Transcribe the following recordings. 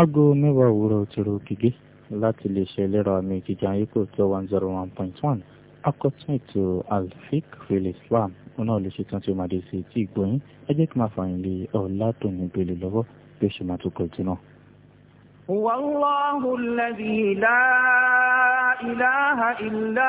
Ago mẹ́wàá òwúrọ̀ òtòrò ògìgé láti lè ṣe lẹ́rọ àmì ìjìjà ayíkò tó 101.1 akọ́tún ètò alfik fèlè Islam wọn náà lè ṣetán tí ó máa dé sí etí ìgbóyín ẹ jẹ́ kí máa fààyàn lé ọ̀làdùnní gbèlè lọ́wọ́ bí ó ṣe máa tó kọjú náà. Wallahu alladhi la ilaha illa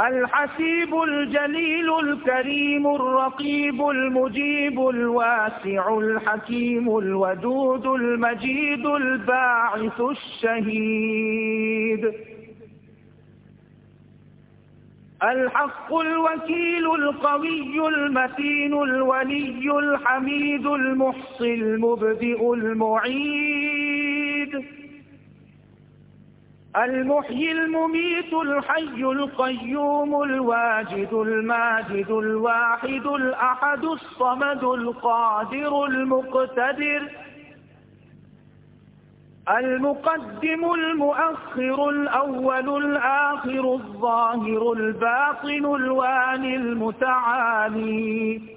الحسيب الجليل الكريم الرقيب المجيب الواسع الحكيم الودود المجيد الباعث الشهيد الحق الوكيل القوي المتين الولي الحميد المحصي المبدئ المعيد المحيي المميت الحي القيوم الواجد الماجد الواحد الأحد الصمد القادر المقتدر المقدم المؤخر الأول الآخر الظاهر الباطن الوان المتعالي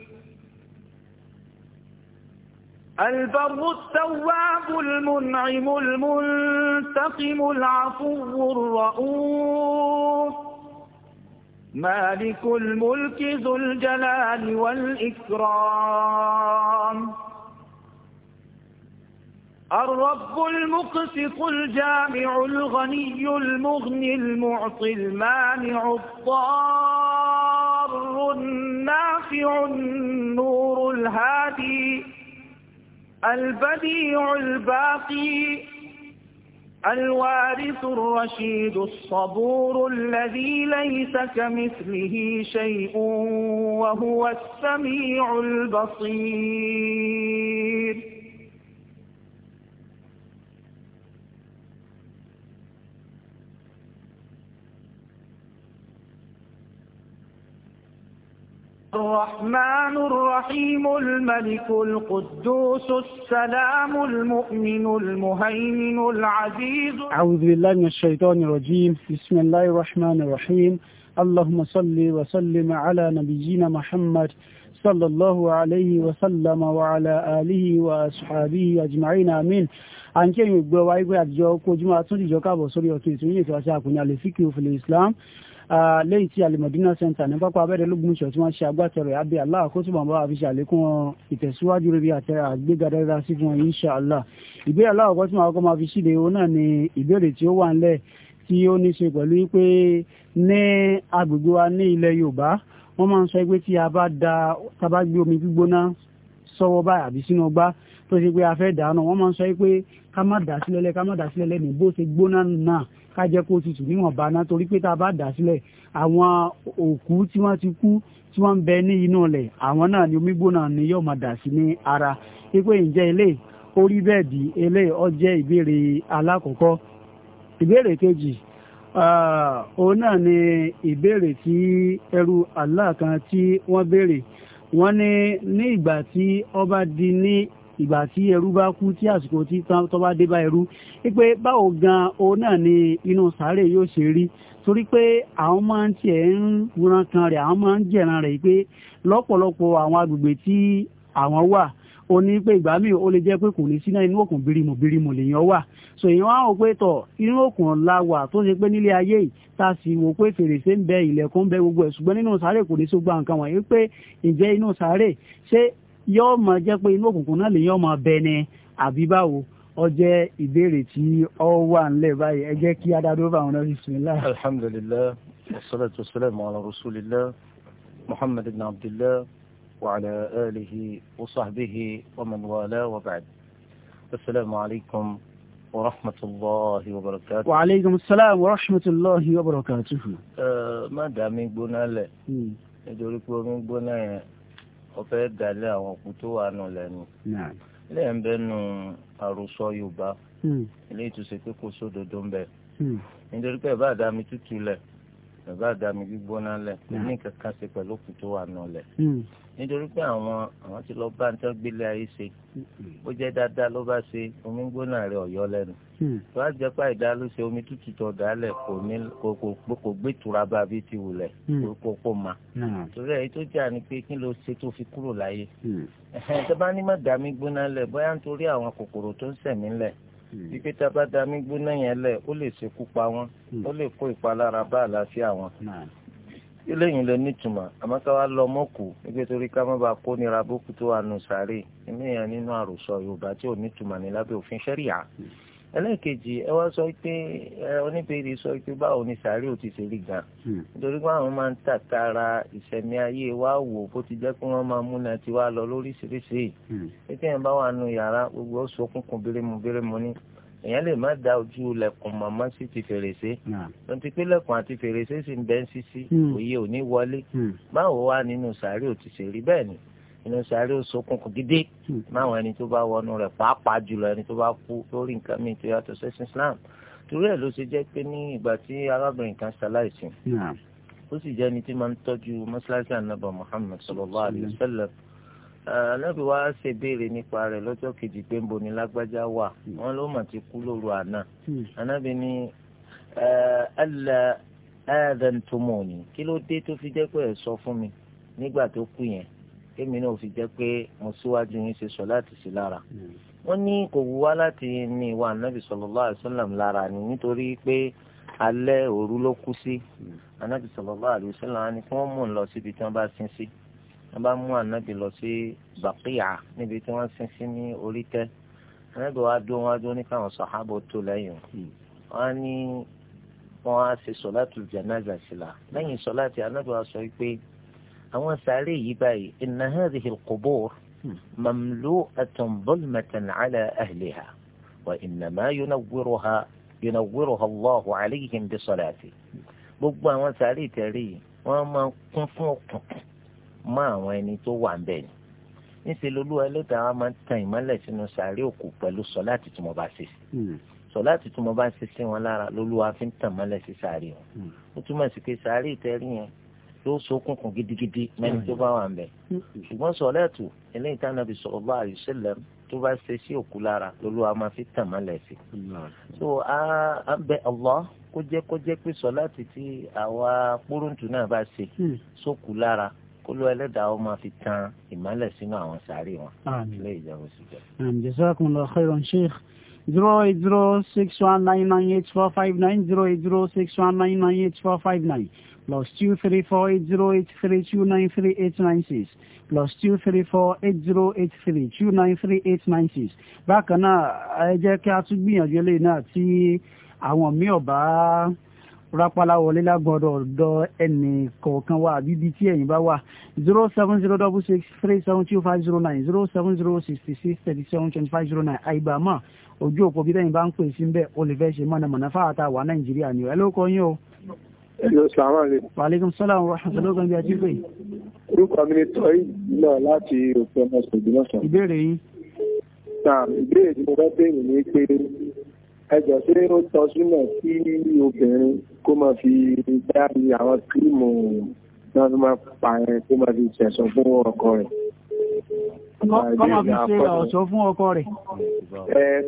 البر التواب المنعم المنتقم العفو الرؤوف مالك الملك ذو الجلال والإكرام الرب المقسط الجامع الغني المغني المعطي المانع الضار النافع النور الهادي البديع الباقي الوارث الرشيد الصبور الذي ليس كمثله شيء وهو السميع البصير الرحمن الرحيم الملك القدوس السلام المؤمن المهيمن العزيز أعوذ بالله من الشيطان الرجيم بسم الله الرحمن الرحيم اللهم صل وسلم على نبينا محمد صلى الله عليه وسلم وعلى آله وأصحابه أجمعين آمين à ń kí ẹ̀yin ògbẹ́ wa ẹgbẹ́ àjọ kojúmọ́ àtúndìjọ́ káàbọ̀ في الإسلام. Ah, lẹ́yìn tí alimadina center ní pápá abẹ́rẹ́ lógún ìṣọ̀ tí wọ́n ṣe agbátẹrù abẹ́ allah àkóso bàbá àfiṣe àlékún ìtẹ̀síwájú rẹ̀ àtẹ àgbéga dáadáa sí fún insha allah ìbéèrè aláwọ̀kọ́ tí màá kọ́ máa fi síde òun náà ni ìbéèrè tí ó wà ńlẹ̀ tí ó ní ṣe pẹ̀lú pé ní agbègbè wa ní ilẹ̀ yorùbá wọ́n máa ń sọ pé tí a bá da tá a bá gbé omi gbígbóná sọ́wọ́ báyìí àbí sínú ọgbá tó ṣe pé a fẹ́ dànù wọ́n máa ń sọ pé ká má dà sílẹ̀ ká má dà sílẹ̀ ní bó ṣe gbóná náà ká jẹ́ kó tutù níwọ̀nba náà torí pé tá a bá dà sílẹ̀ àwọn òkú tí wọ́n ti kú tí wọ́n bẹ ní inú ọ̀lẹ̀ àwọn náà ni omigbóná ni yóò máa dà sí ní ara pípé ǹjẹ́ ilé orí bẹ́ẹ̀dì ilé ọjẹ́ ìbéèrè alákọ̀ọ́kọ́ ìbéèrè kejì òun náà ni ìbéèrè tí ẹrú Allah kan tí wọ́n béèrè wọ́n ní ní ìgbà tí ọba di ní ìgbà tí ẹrú bá kú tí àsìkò tí tó bá dé bá ẹrú wípé báwo gan òun náà ni inú sàárè yóò ṣe rí torí pé àwọn máa ń tiẹ̀ ń ran kan rẹ̀ àwọn máa ń jẹ̀ran rẹ̀ pé lọ́pọ̀lọpọ̀ àwọn agbègbè tí àwọn wà ó ní pé ìgbà míì ó lè jẹ́ pé kò ní sínú inú òkun birimu birimu lèèyàn wà so èèyàn á wò pé tọ̀ inú òkun la wà tó ṣe pé nílé ayé yìí tá a sì wò pé fèrèsé ń bẹ ilẹ̀kùn ń bẹ gbogbo ẹ̀ ṣùgbọ́n nínú sàárè kò ní sógbà nǹkan wọ̀nyí pé ǹjẹ́ inú sàárè ṣé yóò máa jẹ́ pé inú òkùnkùn náà lè yóò máa bẹ ni àbí báwo ó jẹ́ ìbéèrè tí ó wà nílẹ̀ báyìí ẹ jẹ́ kí adádúró bá wọn lọ bismillah. alhamdulillah wassalatu wassalamu ala rasulillah muhammad ibn abdillah wa ala alihi wa sahbihi wa man wala wa ba'd assalamu alaykum wa rahmatulahi wa barakatuh. wa aleykum salaam wa rahmatulahi wa barakatuh. ẹ má dàá gbóná lẹ̀ hmm. nítorí pé omi gbóná yẹn ọ̀fẹ́ dalẹ̀ àwọn òkú tó wà nù lẹ́nu lẹ́yìn bẹ́ẹ̀ nu àròsọ yorùbá hmm. ilé ìtúsẹ̀ pé kò sódodo ń bẹ hmm. nítorí pé bá dá mi tútù lẹ̀ bàbá àdàmì gbígbóná lẹ̀ ní hmm. kankan ṣe pẹ̀lú òkú tó wà nù lẹ̀ hmm. nítorí pé àwọn àwọn ti lọ bá ń tán gbélé ayé ṣe hmm. ó jẹ́ dáadáa ló bá ṣe omi gbóná rẹ̀ ọ̀yọ́ lẹ́nu tó a jẹ́ pé àìdá ló ṣe omi tútù tó dálẹ̀ kò ní kò gbé tura bá bí ti wù lẹ̀ kó kó ma torí èyí tó jà ni pé kí ló ṣe tó fi kúrò láyé tó bá ní má dàmí gbóná lẹ̀ bóyá nítorí àwọn kòkòrò tó ń sẹ̀mí lẹ̀ wípé tábà da mí gbóná yẹn lẹ̀ ó lè ṣekú pa wọn hmm. ó lè kó ìpalára bá àlàáfíà wọn eléyìí lè nítumọ̀ àmọ́ ká wá lọ mọ́kù nígbà torí ká má bàa kó nira bókú tó wà nù sáré ẹ̀mí yẹn nínú àròsọ Yorùbá tí ò nítumọ̀ ní lábẹ́ òfin ṣẹ́ríà. Hmm ẹlẹ́ẹ̀kejì ẹ wá sọ pé ẹ oníbèrè sọ pé báwo ni sàárè ò ti ṣe rí gan hmm. nítorí pé àwọn máa ń tàkàrà ìṣẹ̀mí ayé wa wò bó ti jẹ́ pé wọ́n máa múna ti wá lọ lóríṣiríṣi hmm. pété yẹn bá wà nù yàrá gbogbo ó so kúnkún bérémù bérémù ni èèyàn lè má da ojú lẹ̀kùn màmá sí ti fèrèsé lọ́n ti pé lẹ̀kùn àti fèrèsé sì ń bẹ́ ń sisi hmm. òye ò wọlé báwo wá nínú sàárè ò ti ṣe rí bẹ́ẹ̀ ni inú sàárè òṣòkùnkùn gidi máwọn ẹni tó bá wọnú rẹ̀ pàápàá jùlọ ẹni tó bá kú lórí nǹkan míì tó yàtọ̀ sẹ́sìn Islam torí ẹ̀ ló ṣe jẹ́ pé ní ìgbà tí arábìnrin kan ṣaláìsí ó sì jẹ́ ẹni tí máa ń tọ́jú mọ́ṣáláṣí ànábà Muhammad sallallahu alayhi wa sallam anábì wa ṣe béèrè nípa rẹ̀ lọ́jọ́ kejì pé ń bo ni lágbájá wà hmm. wọ́n ló mà ti kú lóru àná anábì hmm. ní ẹ̀ẹ́dẹ̀ ẹ̀ẹ́dẹ̀ tó kí ló dé tó fi jẹ́ pé ẹ̀ sọ fún mi nígbà tó kú yẹn kémi náà fi jẹ́ pé mo síwájú yín ṣe sọ láti sí lára hmm. wọ́n ní kò wù wá láti ní ìwà ànábì sallallahu alaihi wasallam lára ni nítorí pé alẹ́ òru ló kú sí hmm. ànábì sallallahu alaihi wasallam ni kí wọ́n mú un lọ síbi tí wọ́n bá sin sí wọ́n bá mú ànábì lọ sí bàkíyà níbi tí wọ́n sin sí ní orí tẹ́ ànábì wa dúró wájú ní káwọn sàhábà tó lẹ́yìn hmm. wọ́n ní wọ́n á ṣe sọ̀látù jánásà sí la lẹ́yìn sọ̀látù ànábì wa sọ pé àwọn sàárè yìí báyìí inna hadhihi al-qubur mamlu'atun dhulmatan ala ahliha wa innama yunawwiruha yunawwiruha Allahu alayhim bi salati gbogbo àwọn sàárè tẹ̀rí yìí wọ́n máa kún fún òkùnkùn mọ́ àwọn ẹni tó wà ń bẹ̀ ni níṣẹ́ lolúwa ẹlẹ́dàá wa máa ń tan ìmọ́lẹ̀ sínú sàárè òkú pẹ̀lú sọ̀láàtì tí mo bá ṣe sí sọ̀láàtì tí mo bá ṣe sí wọn lára lolúwa fi ń tan ìmọ́lẹ̀ sí sàárè wọn ó túmọ̀ sí pé sàárè ìtẹ́rí yẹn tó ṣókùnkùn gidigidi mẹ́ni tó bá wà ń bẹ̀. Mm. ṣùgbọ́n sọ̀lẹ́ẹ̀tù eléyìí tí Ànábì sallallahu alaihi wasallam tó bá ṣe sí òkú lára lólu a máa fi tàn mọ́lẹ̀ sí. so a bẹ Allah kó jẹ́ kó jẹ́ pé sọ̀lẹ́ẹ̀tù tí àwa púrúǹtù náà bá ṣe mm. sókù lára olú ẹlẹ́dàá ó máa fi tan ìmọ́lẹ̀ sínú àwọn sàárè wọn. àmín ilé ìjọba sì jẹ. àmín jazakumullahu khairan sheikh zero eight zero six one nine nine eight four five nine zero eight zero six one nine nine eight four five nine plus two three four eight zero eight three two nine three eight nine six plus two three four eight zero eight three two nine three eight nine six. bákan náà ẹ jẹ́ kí a tún gbìyànjú eléyìí náà tí àwọn mí ò bá rápálá wọlé lágbọ́dọ̀ ọ̀dọ̀ ẹnì kọ̀ọ̀kan wa àbí ibi tí ẹ̀yin bá wà zero seven zero double six three seven two five zero nine zero seven zero sixty six thirty seven twenty five zero nine àìbàmọ́ ojú òpó bí lẹ́yìn bá ń pè sí ń bẹ̀ o lè fẹ́ ṣe mọ̀nàmọ̀nà fáata wà nàìjíríà ni ẹ ló kọ yín o. ẹ̀lọ́ sàmàlẹ̀. wàlẹ́kùn sálàmù rahmatulahi bí a ti pè. orúkọ mi ni tọ́yì náà láti òpin ọmọ ṣèjì náà sọ. ìbéèrè yín. náà ìbéèrè tí mo fẹ́ béèrè ni pé kó máa fi dá ní àwọn kírìmù náà tó máa pa ẹ kó máa fi ṣẹ̀sọ̀ fún ọkọ rẹ̀. kọ́mọ fi ṣe ọ̀ṣọ́ fún ọkọ rẹ̀.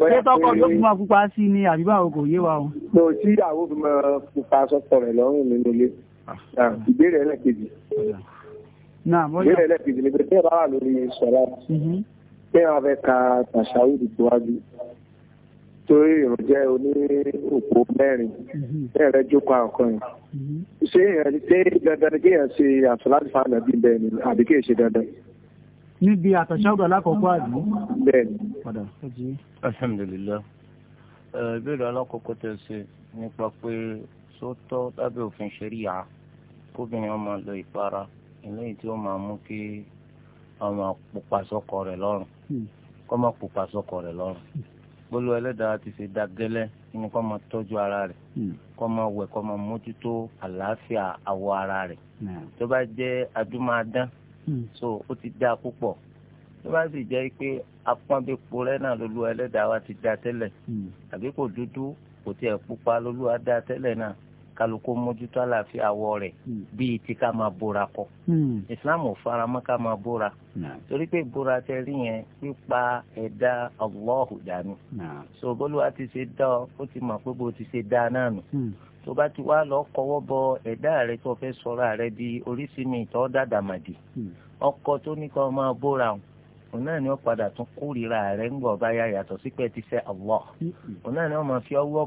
ṣé tọkọ yóò fi máa pupa sí ni àbí báwo kò yé wa o. mo tí àwọn fi máa pupa sọ́kọ rẹ̀ lọ́rùn nínú ilé ìbéèrè ẹlẹ́kejì. ìbéèrè ẹlẹ́kejì ni pé bí ẹ bá wà lórí sọ̀rọ̀ bí mhm. wọ́n fẹ́ ka tàṣà torí ìrùn jẹ́ oní òpó mẹ́rin mhm. bẹ́ẹ̀rẹ̀ jókòó àkọ́ yẹn mhm. ṣé èèyàn ṣe dandan kéèyàn ṣe àtúnláti fáànà bíi bẹ́ẹ̀ ni àbí kéèyàn ṣe dandan. níbi àtàṣàgbà alákọ̀ọ́kọ́ àbí. bẹ́ẹ̀ni. padà ojú. alhamdulilayi ìbéèrè alákọ̀ọ́kọ́ tẹ̀ ṣe nípa pé sótọ́ lábẹ́ òfin ṣẹ̀ríyà kóbìnrin ọmọ lọ ìpara eléyìí tí ó máa mú kí ọmọ pupa sọ́kọ rẹ̀ lọ́rùn hmm. kọ́mọ pupa sọ́kọ rẹ̀ lọ́rùn pẹ̀lú ẹlẹ́dàá ti ṣe dá gẹ́lẹ́ nínú kó máa tọ́jú ara rẹ̀ hmm. kó máa wẹ̀ kó máa mójútó àlàáfíà àwọ̀ ara rẹ̀ hmm. tó bá jẹ́ adúmáadán hmm. so ó ti dá púpọ̀ tó bá sì jẹ́ pé apọ́nbẹ́po rẹ̀ náà lólu ẹlẹ́dàá wa ti dá tẹ́lẹ̀ àbí kò dúdú kò tiẹ̀ pupa lólu adá tẹ́lẹ̀ náà kálukú mójútó àlàáfíà àwọ rẹ̀ hmm. bíi ti ká máa bóra kọ hmm. islam ò fara mọ́ ká máa bóra torí pé bóra tẹ rí yẹn pípa ẹ̀dá so bólúwa ti ṣe dá ọ ó ti mọ̀ pé bó ti ṣe dá náà nù hmm. tó bá ti wá lọ kọwọ́ bọ ẹ̀dá rẹ tó fẹ́ sọ̀rọ̀ rẹ di oríṣi ọkọ tó ní kọ́ máa bóra o òun náà ni ó padà tún kórìíra rẹ ń gbọ̀ báyà yàtọ̀ sípẹ́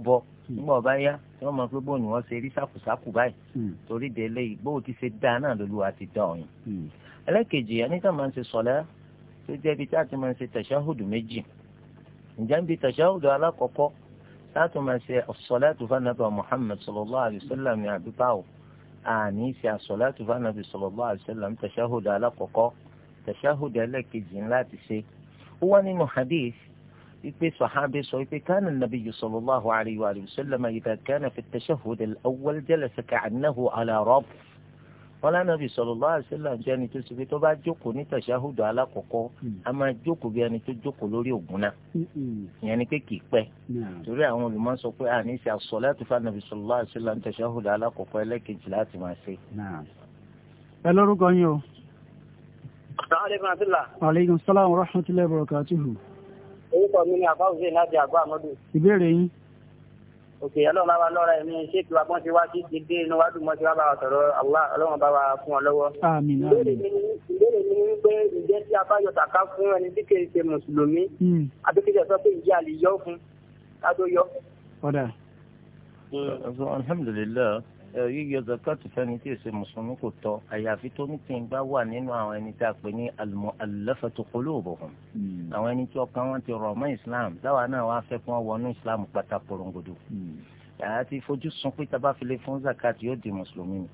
bọ Hmm. nígbà ọba yá tí wọ́n mọ̀ pé bóun ni wọ́n ṣe rí sákùsákù báyìí hmm. torí de eléyìí bóun ti ṣe dáa náà lóluwà ti dá ọ̀yìn. Hmm. ẹlẹ́kejì ẹni tá máa ń ṣe sọ̀lẹ́ tó jẹ́ ibi tá a ti máa ń ṣe tàṣáhùdù méjì ǹjẹ́ níbi tàṣáhùdù alákọ̀ọ́kọ́ tá a tún máa ṣe sọ̀lẹ́ tó fà nàbà Muhammad sallallahu alaihi wasallam àbí báwo àní ṣe àsọ̀lẹ́ tó fà nàbà sallallahu ipe sọ̀hábẹ́ sọ ipe kánà nàbí sallallahu alayhi wa sallam idha kánà fi at-tashahhud al-awwal jalasa ka'annahu ala rabb wọn lánàbí sallallahu alayhi wa sallam jẹ́ ẹni tó ṣe pé tó bá jókòó ní tashahhud alákọ̀ọ́kọ́ a máa jókòó bí ẹni tó jókòó lórí ògùn náà ìyẹn ni pé kì í pẹ́ torí àwọn olùmọ̀ sọ pé àní ṣe as-salatu fa nàbí sallallahu alayhi wa sallam tashahhud alákọ̀ọ́kọ́ ẹlẹ́kejì láti máa ṣe. ẹ lórúkọ yín o. Assalamu alaykum wa rahmatullahi wa barakatuhu orúkọ mi ni àbáwùsẹ̀ láti àgọ́ àmọ́dù. ìbéèrè yín. òkè ọlọ́run bá wa lọ́ra ẹ̀mí ṣéèkì wa pọ́n ti wá sí dédé inú wa dùn ti wá bá wa sọ̀rọ̀ Allah ọlọ́run bá wa fún ọ lọ́wọ́. àmín àmín. ìbéèrè mi ni pé ǹjẹ́ tí a bá yọ tàká fún ẹni tí kì í ṣe mùsùlùmí hmm. àbí kì í ṣe sọ pé ìyá àlè yọ fún ká yọ. ọ̀dà. Hmm. alhamdulilayi yíyọ zakatu fẹ́ni tí èsè mùsùlùmí kò tọ́ àyàfi tó ní tí ń bá wà nínú àwọn ẹni tá a pè ní al-mu'allafatu qulubuhum hmm. àwọn ẹni tí ọkàn wọn ti rọ̀ mọ́ islam dáwà náà wàá fẹ́ kí wọ́n wọnú islam pátá porongodo yàrá hmm. ti fojú sun pé tá a bá fi lè fún zakati yóò di mùsùlùmí ni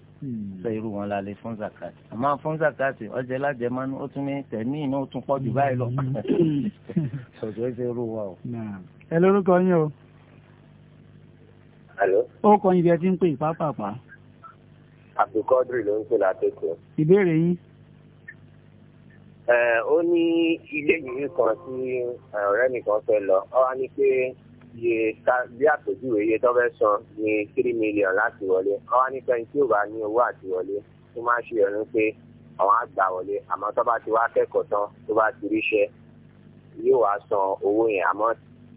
sọ hmm. irú wọn la fún zakati àmọ́ fún zakati ọjà lájẹ mánú ó tún ní tẹ̀mí iná ó tún pọ̀ jù báyìí lọ sọ̀tún ẹ ó kọ ibi ẹ ti ń pè pápápá. Abdulkadir ló ń pè látẹ̀kọ́. ìbéèrè yín. ó ní ilé yìí kan tí ọ̀rẹ́ nìkan fẹ́ lọ ọ wá ní pé iye bí àpèjúwe iye tó fẹ́ san ní three million láti wọlé ọ wá ní pẹ́yìn tí ò bá ní owó àti wọlé tó máa ṣe ẹ̀rín pé àwọn àgbà wọlé àmọ́ tó bá ti wá kẹ́kọ̀ọ́ tán tó bá ti ríṣẹ́ yóò wá san owó yẹn àmọ́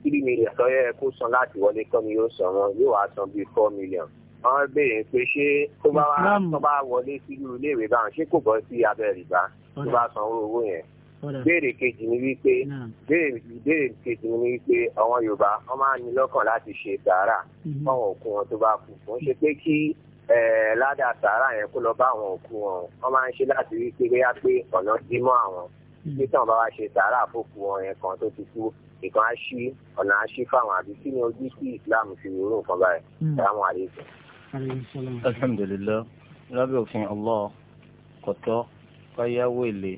three million tó yẹ kó san láti wọlé kọ́ ni yóò san wọn yóò wá san bíi four million wọ́n béèrè pé ṣé tó bá wá tó bá wọlé sí irú iléèwé báwọn ṣé kò bọ́ sí abẹ́ rìbá tó bá san owó owó yẹn béèrè kejì ni wípé béèrè kejì ni wípé àwọn Yorùbá wọ́n máa ní lọ́kàn láti ṣe sàárà mhm. fáwọn òkú wọn tó bá kú wọ́n ṣe pé kí ládàá sàárà yẹn kó lọ bá àwọn òkú wọn wọ́n máa ń ṣe láti rí pé táwọn bá wá ṣe sàárà àbòkù ọ̀rẹ́ kan tó ti kú ìkan á ṣí ọ̀nà á fáwọn àbí kí ni ojú sí Islam fi rúrú nǹkan báyìí sàrámù àlékún. alhamdulilayi lábẹ́ òfin Allah kò tọ́ káyáwó èlé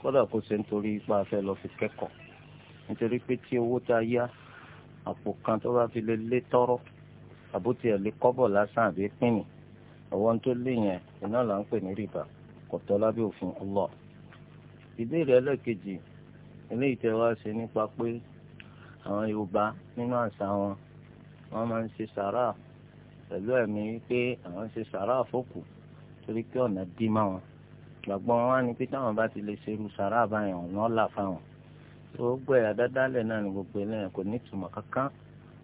kódà kó ṣe nítorí ipa afẹ́ lọ fi kẹ́kọ̀ọ́ nítorí pé tí owó tá a yá àpò kan tó bá fi lè lé tọ́rọ́ àbótí ẹ̀ lé kọ́bọ̀ lásán àbí pínì àwọn tó lé yẹn iná là ń pè ní rìbá kò lábẹ́ òfin Allah ìbéèrè ẹlẹ́kejì eléyìí tẹ wá ṣe nípa pé àwọn yorùbá nínú àṣà wọn wọ́n máa ń ṣe sàrà pẹ̀lú ẹ̀mí wípé àwọn ṣe sàrà àfọkù torí pé ọ̀nà dí má wọn gbàgbọ́ wọn wá ní pé táwọn bá ti lè ṣerú sàrà àbáyọ̀ wọn là fáwọn tó gbọ́ ẹ̀ àdádálẹ̀ náà ní gbogbo eléyàn kò ní ìtumọ̀ kankan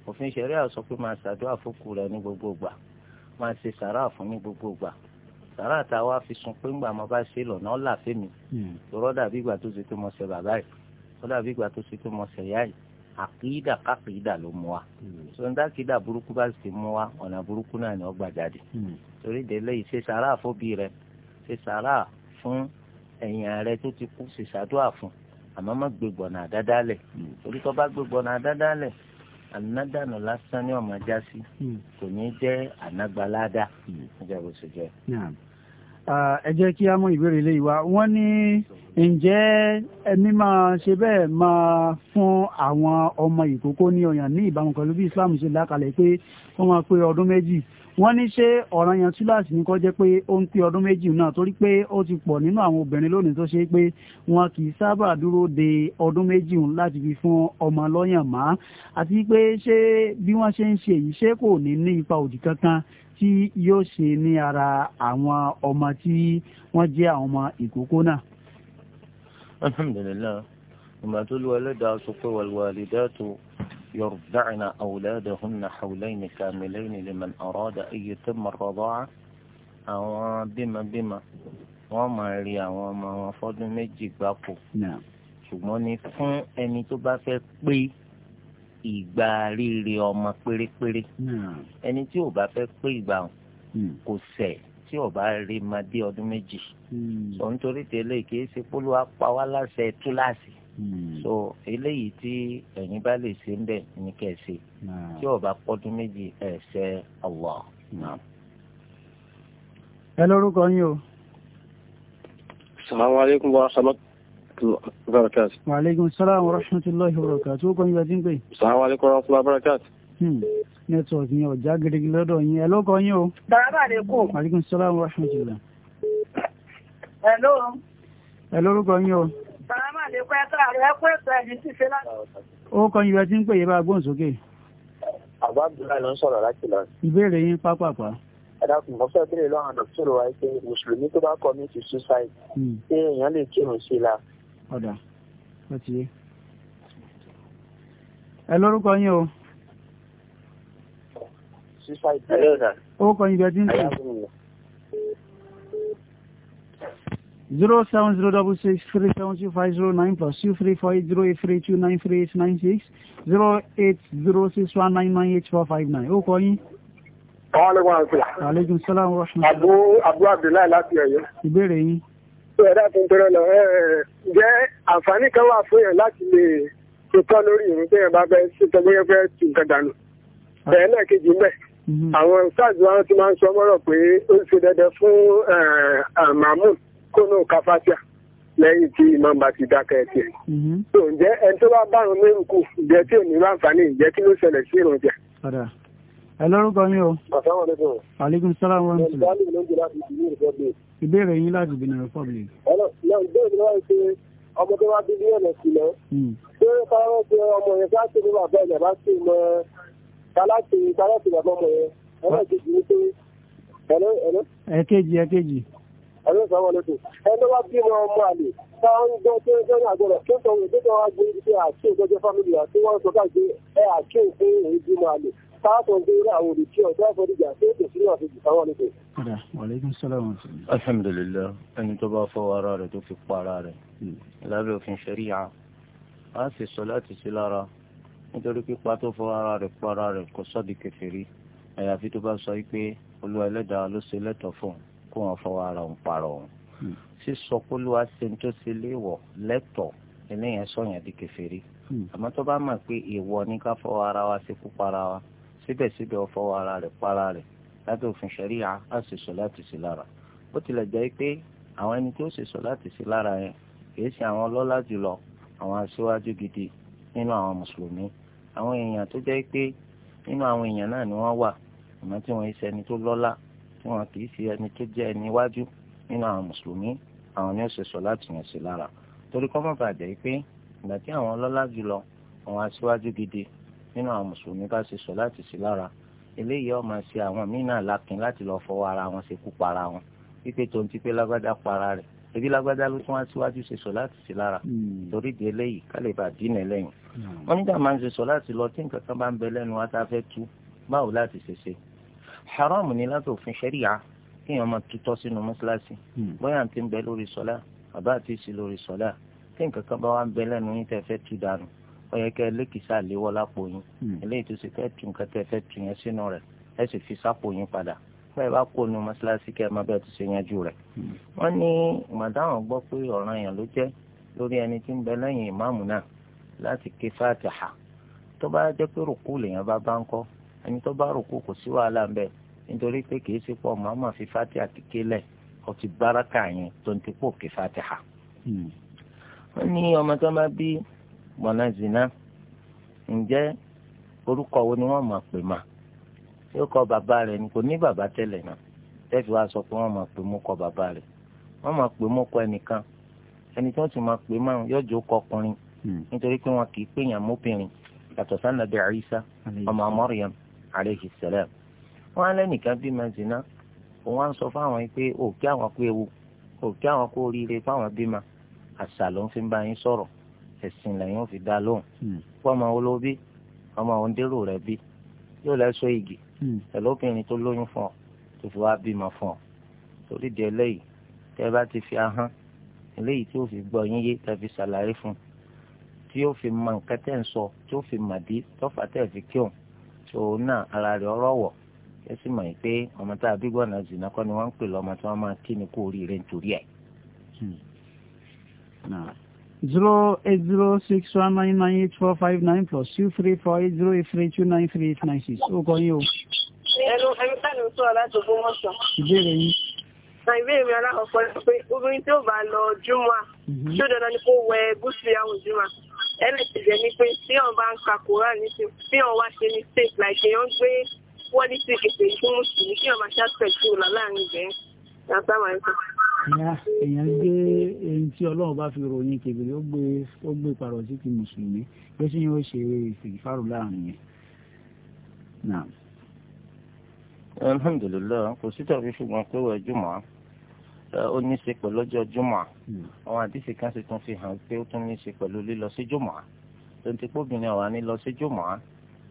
òfin ṣẹ̀ríà sọ pé máa ṣàdúrà fókù rẹ̀ ní gbogbo ìgbà máa ṣe sàrà fún ní gbogbo ìgbà sàrà àtàwọn afi sun pé ńgbà mo bá ṣe lọ́nà ọ̀là fẹ́mi lọ́rọ́ hmm. dàbí ìgbà tó ṣe pé mo ṣe bàbá yìí lọ́rọ́ dàbí ìgbà tó ṣe pé mo ṣe yá yìí àkìdà kàkìdà ló mú wa hmm. sọ̀ndà kìdà burúkú bá sì mú wa ọ̀nà burúkú náà ni ọgbà jáde hmm. torí délé yìí ṣe sàrà àfọ́bí rẹ ṣe sàrà fún ẹ̀yìn rẹ tó ti kú ṣe sàdúà fún àmọ́ má gbégbọ̀nà àdádálẹ̀ torí ni ọmọ ajá sí kò ní jẹ́ ànágbáládá níjà bó ṣe jẹ́ ẹ jẹ́ kí a mú ìbéèrè ilé ìwà wọ́n ní ǹjẹ́ ẹni máa ṣe bẹ́ẹ̀ máa fún àwọn ọmọ ìkókó ní ọyàn ní ìbámu pẹ̀lú bí Islam ṣe lákalẹ̀ pé wọ́n máa pé ọdún méjì wọ́n ní ṣé ọ̀ràn yan túláàsì ní kọ́ jẹ́ pé ó ń pé ọdún méjì náà torí pé ó ti pọ̀ nínú àwọn obìnrin lónìí tó ṣe pé wọn kì í sábà dúró de ọdún méjì láti fi fún ọmọ lọ́yàn má àti pé ṣé bí wọ́n ṣe ń ṣe èyí ṣé kò ní ní ipa òdì kankan tí yóò ṣe ní ara àwọn ọmọ tí wọ́n jẹ́ àwọn ọmọ ìkókó náà. alhamdulilayi ìgbà tó lu ẹlẹ́dàá sọ pé wàlúwàlú dáàtò يرضعن أولادهن حولين كاملين لمن أراد أن يتم الرضاعة àwọn bímọbímọ wọn máa rí àwọn ọmọ wọn fọdún méjì gbáko ṣùgbọ́n ní fún ẹni tó bá fẹ́ pé ìgbà rírì ọmọ pérépéré ẹni tí ò bá fẹ́ pé ìgbà kò ṣẹ̀ tí ò bá rí máa dé ọdún méjì sọ nítorí tẹ́lẹ̀ kì í ṣe polówó apá wa láṣẹ túláàsì. Hmm. so eléyìí tí ẹ̀yin bá lè ṣe ń bẹ̀ ní kẹ̀sì hmm. tí ó bá pọ́dún méjì ẹ̀ṣẹ̀ Allah. Hmm. ẹ lórúkọ yín o. salamu alaykum wa rahmatulahi wa barakati. wa aleykum salaam wa rahmatulahi wa barakati. o kò ní bàtí ń pè. salamu alaykum wa rahmatulahi wa barakati. network yẹn ọjà gidigidi lọ́dọ̀ yín ẹ lórúkọ yín o. daraba de kú. wa aleykum salaam wa rahmatulahi. ẹ lórúkọ yín o àlékún ẹ̀ka rẹ̀ ẹ̀kún ètò ẹ̀yìn ṣíṣe láti. ó kọ́ yín bẹ tí ń pè é bá gbóhùn sókè. àbá abdullahi ló ń sọ̀rọ̀ láti lọ. ìbéèrè yín pápápá. ẹ dákun mo fẹ́ béèrè lọ́wọ́ dọ́kítọ̀rọ̀ wa pé mùsùlùmí tó bá commit suicide hmm. ṣé èèyàn lè kírun sí i la. ọ̀dà ó ti yé. ẹ lórúkọ yín o. suicide. ó kọ́ yín bẹ tí ń pè é. zero seven zero double six three seven two five zero nine plus two three four zero eight three two nine three eight nine zero eight zero six one nine nine eight four five nine ó kọ yín. Àwọn aleykum salaam wa rahmatulah. Abu Abu Abdullahi láti Ọ̀yọ́. Ìbéèrè yín. Ẹ̀dá tó ń tọrọ lọ, ǹjẹ́ àǹfààní kan wà fún yàn láti lè ṣetán lórí ìrún tí yàn bá bẹ ṣetán bóyá fẹ́ tù nǹkan dànù. Bẹ̀rẹ̀ náà kejì ń bẹ̀. Mhm. Àwọn SARS wọn ti máa ń sọ mọ́rọ̀ pé ó ń ṣe dandan fún Mahmoud kó náà ka fátíà lẹ́yìn tí imam bá ti dákẹ́ tiẹ̀. tó mhm. ǹjẹ́ ẹni tó bá bá àrùn mẹ́rin kù jẹ́ tí ò ní láǹfààní ìjẹ́ kí ló ṣẹlẹ̀ sí ìrùn jẹ. ẹ lórúkọ mi o. asalaamualeykum. aleykum salaam wa rahmatulah. ìbéèrè yín láti Benin Republic. ọlọ́run ìbéèrè mi wá ń ṣe ọmọ tó wá bí ní ọ̀nà sílẹ̀. Hmm. ṣé káwọn ṣe ọmọ yẹn ká ṣe ní bàbá ẹ̀ bá ṣe mọ kálá ṣe kálá ṣe bàbá ọmọ yẹn. ẹ̀kejì ẹ̀kejì. Àlọ́ ìsàwọn ọlọ́dún. Ẹni wá bí wọn ọmọ àlè táwọn ń gbọ́ tó ń fẹ́ ní àgbọ̀rọ̀ tó ń sọ wípé tó wá gbé ibi tí àṣì ìgbẹ́jọ́ fámìlì àti wọ́n sọ káàkiri ẹ àṣì ìpín èyí bímọ àlè. Táàtọ̀ ń gbé irú àwọn olùkí ọ̀dọ́ àfọdíjà tó ètò sínú àfojì sáwọn ọlọ́dún. Alhamdulillah, ẹni tó bá fọwọ́ ara rẹ̀ tó fi pa ara rẹ̀ hmm. lábẹ́ òfin ṣẹ̀ríyà. A sì sọ láti sí lára nítorí pípa tó fọwọ́ ara rẹ̀ pa ara rẹ̀ kò sọ́ di kèfèrí. Àyàfi tó bá sọ wípé Olúwa ẹlẹ́dàá ló ṣe lẹ́tọ̀ọ́ fún un kó wọn fọwọ́ ara òun parọ́ òun sísọ hmm. pé olúwa ṣe ń tó ṣe léèwọ̀ lẹ́tọ̀ọ́ eléyẹn sọ̀yàn di kèfèrí hmm. àmọ́ tó bá mọ̀ pé èèwọ̀ ní ká fọwọ́ ara wa ṣe kú para wa síbẹ̀síbẹ̀ ọfọwọ́ ara rẹ̀ para rẹ̀ láti òfin ṣẹ̀ríà á sì sọ láti sí lára bó tilẹ̀ jẹ́ pé àwọn ẹni tí sì sọ láti sí lára yẹn kìí ṣe àwọn ọlọ́lá jùlọ àwọn aṣíwájú gidi nínú àwọn mùsùlùmí àwọn èèyàn tó jẹ́ pé nínú àwọn èèyàn náà ni wọ́n wà àmọ́ tí wọ́n ṣe ẹni tó lọ́lá wọn kì í ṣe ẹni tó jẹ́ ẹni iwájú nínú àwọn mùsùlùmí àwọn ni ó ṣe sọ láti yàn sí lára torí kọ́ mọ̀ bàjẹ́ pé ìgbà tí àwọn ọlọ́lá jùlọ àwọn aṣíwájú gidi nínú àwọn mùsùlùmí bá ṣe sọ láti sí lára eléyìí ó máa ṣe àwọn míì náà lákin láti lọ fọwọ́ ara wọn ṣe kú para wọn wípé tó ń ti pé lágbádá para rẹ̀ ebi lágbádá ló tún wá síwájú ṣe sọ láti sí lára hmm. torí di eléyìí ká lè bá dínà lẹ́yìn hmm. wọn nígbà máa ń ṣe sọ láti lọ tí nǹkan kan bá ń bẹ lẹ́nu wa tá a fẹ́ tú báwo láti ṣe ṣe haram ni láti òfin ṣẹ́ríà kí èèyàn máa tutọ́ sínú mọ́ṣáláṣí hmm. bóyá àti ń bẹ lórí sọ́lá àbá àti ìsì lórí sọ́lá tí nǹkan kan bá wà ń bẹ lẹ́nu yín tẹ́ fẹ́ tu dànù ó yẹ kẹ́ lẹ́kìsà léwọ́ lápò yín hmm. eléyìí tó sì fẹ́ tu nǹkan tẹ́ fẹ́ tu yẹn sínú rẹ̀ ẹ sì fi sápò yín padà fún ẹ bá kó nu mọ́ṣáláṣí kẹ́ ẹ má bẹ́ẹ̀ tó ṣe yanjú rẹ̀. Hmm. wọ́n ní màdáwọn gbọ́ pé ọ̀ràn èèyàn ló jẹ́ lórí ẹni tí ń bẹ lẹ́yìn ìmáàmù náà láti ké fàtìhà tó bá jẹ́ pé rùkú lèèyàn bá bá ń kọ́ ẹni tó bá rùkú kò sí wàhálà ń bẹ́ẹ̀ nítorí pé kìí ṣe pọ̀ màmá fi fatiha kéke lẹ̀ ọ ti báraka yẹn tó ń ti pò ké fatiha. Hmm. ó ní ọmọ tó bá bí mọ̀nà zina ǹjẹ́ orúkọ wo ni wọ́n máa pè má yóò kọ bàbá rẹ̀ ni kò ní bàbá tẹ́lẹ̀ náà tẹ́fì wá sọ pé wọ́n máa pè mú kọ bàbá rẹ̀ wọ́n máa pè mú kọ ẹnìkan ẹni tí wọ́n ti máa pè máa yọjọ́ kọ ọkùnrin hmm. nítorí pé wọn kì í pè yàn mọ́bìnrin yàtọ̀ sanabi Isa ọmọ Maryam aleyhi salam wọn á lẹ́nìkan bí máa zina òun á sọ fáwọn pé òkè àwọn kó ewu òkè àwọn kó oríire fáwọn bí ma àṣà ló ń fi bá yín sọ̀rọ̀ ẹ̀sìn lẹ́yìn òfin dá lóhùn hmm. fún ọmọ olóbí ọmọ òǹdérò rẹ bí yóò lẹ́sọ igi hmm. pẹ̀lú obìnrin tó lóyún fún ọ tó fi wá bímọ fún ọ torí di eléyìí tẹ bá ti fi ahọ́n eléyìí tí ó fi gbọ́ yín yé tẹ fi ṣàlàyé fún tí ó fi mọ nǹkan ń sọ tí ó fi màdí tọ́fà tẹ̀ fi kí òun tó náà ara rẹ̀ ọ̀rọ̀ wọ̀ ẹ sì mọ̀ pé ọmọ tá a bí gbọ́nà zina kọ́ ni wọ́n ń pè lọ́mọ tí wọ́n máa kí ni kú oríire nítorí ẹ̀. Hmm. zero eight zero six one nine nine eight four five nine plus two three four eight zero eight three two nine three eight nine six ó kọ yín o. ẹnu ẹni sáàlù ń sọ̀rọ̀ láti ogún mọ́sán. ìbéèrè yín. ìbéèrè mi alákọ̀ọ́kọ́ ni pé obìnrin tí ó bá lọ júmọ̀ tí ó dandan ni kó wẹ gúúsù ìyàwó júmọ̀ ẹlẹ́sìn jẹ́ ni pé tí wọ́n bá ń ka kóra nísìnyí tí wọ́n wá ṣe ní state like wọ́n ní sí ètò ìṣúná sí ní kí wọ́n máa ṣàpẹ̀ sí òun láàrin ìbẹ̀rẹ̀ yàtọ̀ àwọn ẹ̀ka. èèyàn gbé ẹni tí ọlọ́run bá fi ròyìn kébìrì ó gbé ó gbé parọ̀ sí ti mùsùlùmí pé tí yóò ṣe ìfàrù láàrin yẹn. alhamdulilayi kò sí tàbí ṣùgbọ́n pé wọ́n jùmọ̀ ó ní í ṣe pẹ̀lú ọjọ́ jùmọ̀ hmm. àwọn àdìsí kan sì tún fi hàn pé ó tún ní í ṣe pẹ̀lú lílọ sí jùmọ̀ tó ń ti pọ́bìnrin àwọn àní lọ sí jùmọ̀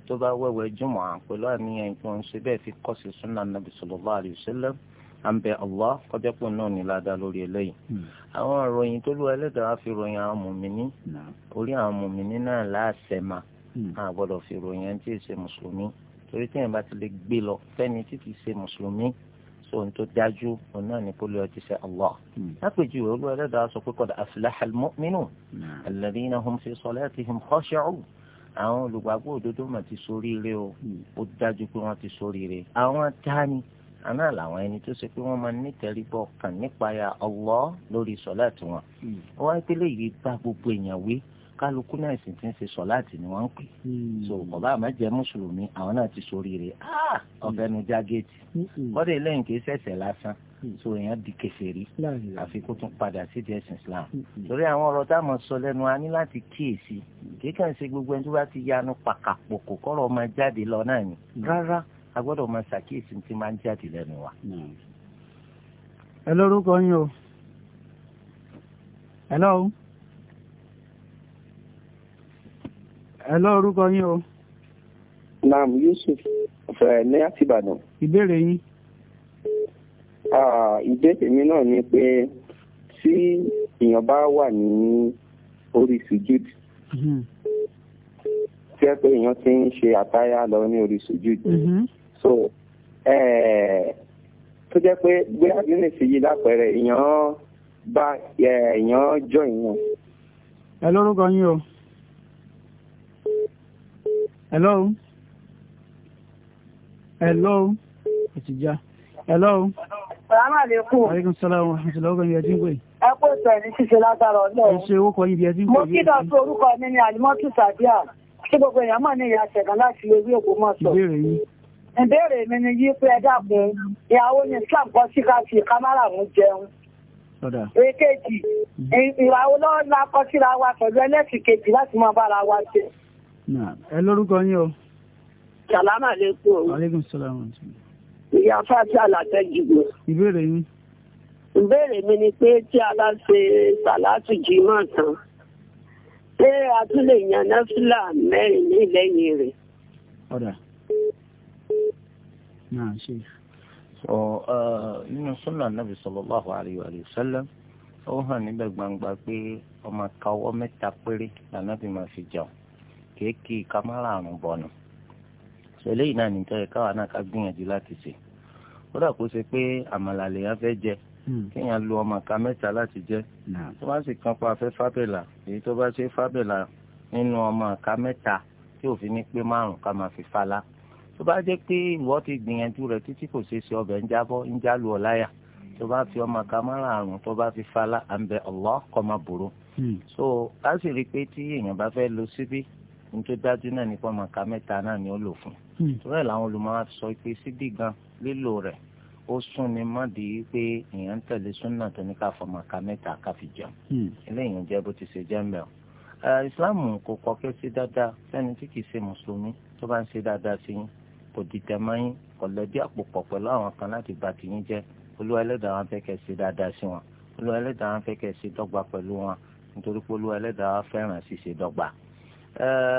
tó bá wẹ̀wẹ̀ jùmọ̀ à pẹ̀lú àníyàn tí wọ́n ń ṣe bẹ́ẹ̀ fi kọ́ sí súnà nàbì sallallahu alaihi wasallam à ń bẹ Allah kọjá pé náà ní ládàá lórí eléyìí. Hmm. àwọn ìròyìn tó lù ẹlẹ́dàá fi ròyìn àwọn mùmíní orí àwọn mùmíní náà láàṣẹ mà á hmm. gbọ́dọ̀ fi ròyìn ẹni tí ì ṣe mùsùlùmí torí téèyàn bá ti lè gbé lọ fẹ́ni tí kì ṣe mùsùlùmí sóhun tó dájú òun náà ní polio ti ṣe Allah. Hmm. lápèjúwe olú ẹlẹ́dàá sọ pé qad aflaha al-mu'minun alladhina hum fi salatihim àwọn olùgbàgbọ́ òdodo mà ti ṣoríire o hmm. ó dájú pé wọ́n ti ṣoríire àwọn tani àná làwọn ẹni tó ṣe pé wọ́n máa nítẹ̀rí kàn nípa ya Allah lórí sọ̀lá tiwọn. Hmm. wọ́n á pélé yìí bá gbogbo èèyàn wí kálukú náà sì ti ń ṣe sọ̀láàtì ni wọ́n ń pè hmm. so bàbá àmọ́ jẹ́ mùsùlùmí àwọn náà ti soríire ah! hmm. ọ̀fẹ́ nu jágéètì hmm. kọ́dé lẹ́yìn kì í ṣẹ̀ṣẹ̀ lásán so èèyàn di kèfèrí àfi kó tún padà sí di ẹ̀sìn Islam torí àwọn ọ̀rọ̀ tá a mọ̀ sọ lẹ́nu a ní láti kíyèsí kì í kàn ṣe gbogbo ẹni tó bá ti yanu pàkàpọ̀kọ̀ kọ́rọ̀ máa jáde lọ náà ni rárá a gbọ́dọ̀ máa ṣàkíyèsí tí máa ń jáde lẹ́nu wa. ẹ lórúkọ yín o. hello. Elo, lọ orúkọ o. Nam yusuf fẹ ní àtìbàdàn. ìbéèrè yín. ìbéèrè mi náà ni pé tí èèyàn bá wà ní orí sujud mhm. tí ẹ pé èèyàn ti ń ṣe àtáyà lọ ní orí sujud mhm. so tó jẹ́ pé gbé àdínlẹ̀sì yìí lápẹẹrẹ èèyàn bá èèyàn jọ ìyàn. ẹ lórúkọ yín o. hello hello ó ti já hello. salaam aleykum. aleykum salaam wa rahmatulah ọgbẹni ẹjí ń pè. ẹ kó sọ ẹni ṣíṣe látara Ọlọ́run. ẹ ṣe owó kan níbi ẹjí ń pè. mo kí dọ̀tí orúkọ mi ni alimọ́tù sàbíà kí gbogbo èèyàn mọ̀ ní ìyá ṣẹ̀gán láti lè rí ògbó mọ̀ sọ. ìbéèrè yìí. ìbéèrè mi ni yí pé ẹ dákun ìyàwó ni Islam kọ́ sí ká fi kámárà mú jẹun èkejì mm-hmm. ìràwọ̀ lọ́ọ́ la kọ síra wa pẹ̀lú ẹlẹ́sìn kejì láti máa bára wa ṣe ẹ lórúkọ yín o. sàlámà lè kú o. aleykum salaam. ìyá fati alàtẹ jìgbò. ìbéèrè yín. ìbéèrè mi ni pé tí a bá ṣe sàlátù jimá tán pé a tún lè yan náfìlà mẹ́rin ní ìlẹ́yìn rẹ̀. ọ̀dà náà ṣe. sọ nínú súnà nàbì sallallahu alayhi wa sallam ó hàn níbẹ̀ gbangba pé ọmọ kawọ́ mẹ́ta péré lànà bí màá fi jẹun kéèké kámárà àrùn bọ̀nù ṣẹlẹ̀ yìí náà nìjọ́ yẹ káwa náà ká gbìyànjú láti ṣe kódà kó ṣe pé àmàlà lèèyàn fẹ́ jẹ hmm. kéèyàn lu ọmọ ká mẹ́ta láti jẹ tó bá sì kan pa fẹ́ fábẹ́là èyí tó bá ṣe fábẹ́là nínú ọmọ ká mẹ́ta tí òfin ní pé márùn ká máa fi falá tó bá jẹ́ pé ìwọ ti gbìyànjú rẹ̀ títí kò ṣeé ṣe ọbẹ̀ ń jábọ́ ń jálu ọ̀láyà tó bá fi ọmọ ká márùn tó bá fi falá à ń bẹ Allah kọ́ máa bòrò hmm. so láti rí i pé tí èèyàn bá fẹ́ lo síbí nítorí dájú náà nípa màkà mẹ́ta náà ni ó lò fún ìtura hmm. ẹ̀ làwọn olùmọ̀ọ́ sọ pé sídìí gan lílò rẹ̀ ó sún ni má di pé èèyàn ń tẹ̀lé súnà tó ní ká fọ màkà mẹ́ta ká fi jẹun hmm. eléyìí jẹ́ bó ti ṣe jẹ́ mẹ́rin islam kò kọ́kẹ́ sí dáadáa sẹ́ni tí kìí ṣe mùsùlùmí tó bá ń ṣe dáadáa sí yín kò dìtẹ̀ mọ́ yín kò lẹ́bí àpò pọ̀ pẹ̀lú àwọn kan láti bà tìyín jẹ́ olúwa ẹlẹ́dàá wọn fẹ́ kẹ́ ṣe dáadáa sí wọn olúwa ẹlẹ́dàá wọn fẹ́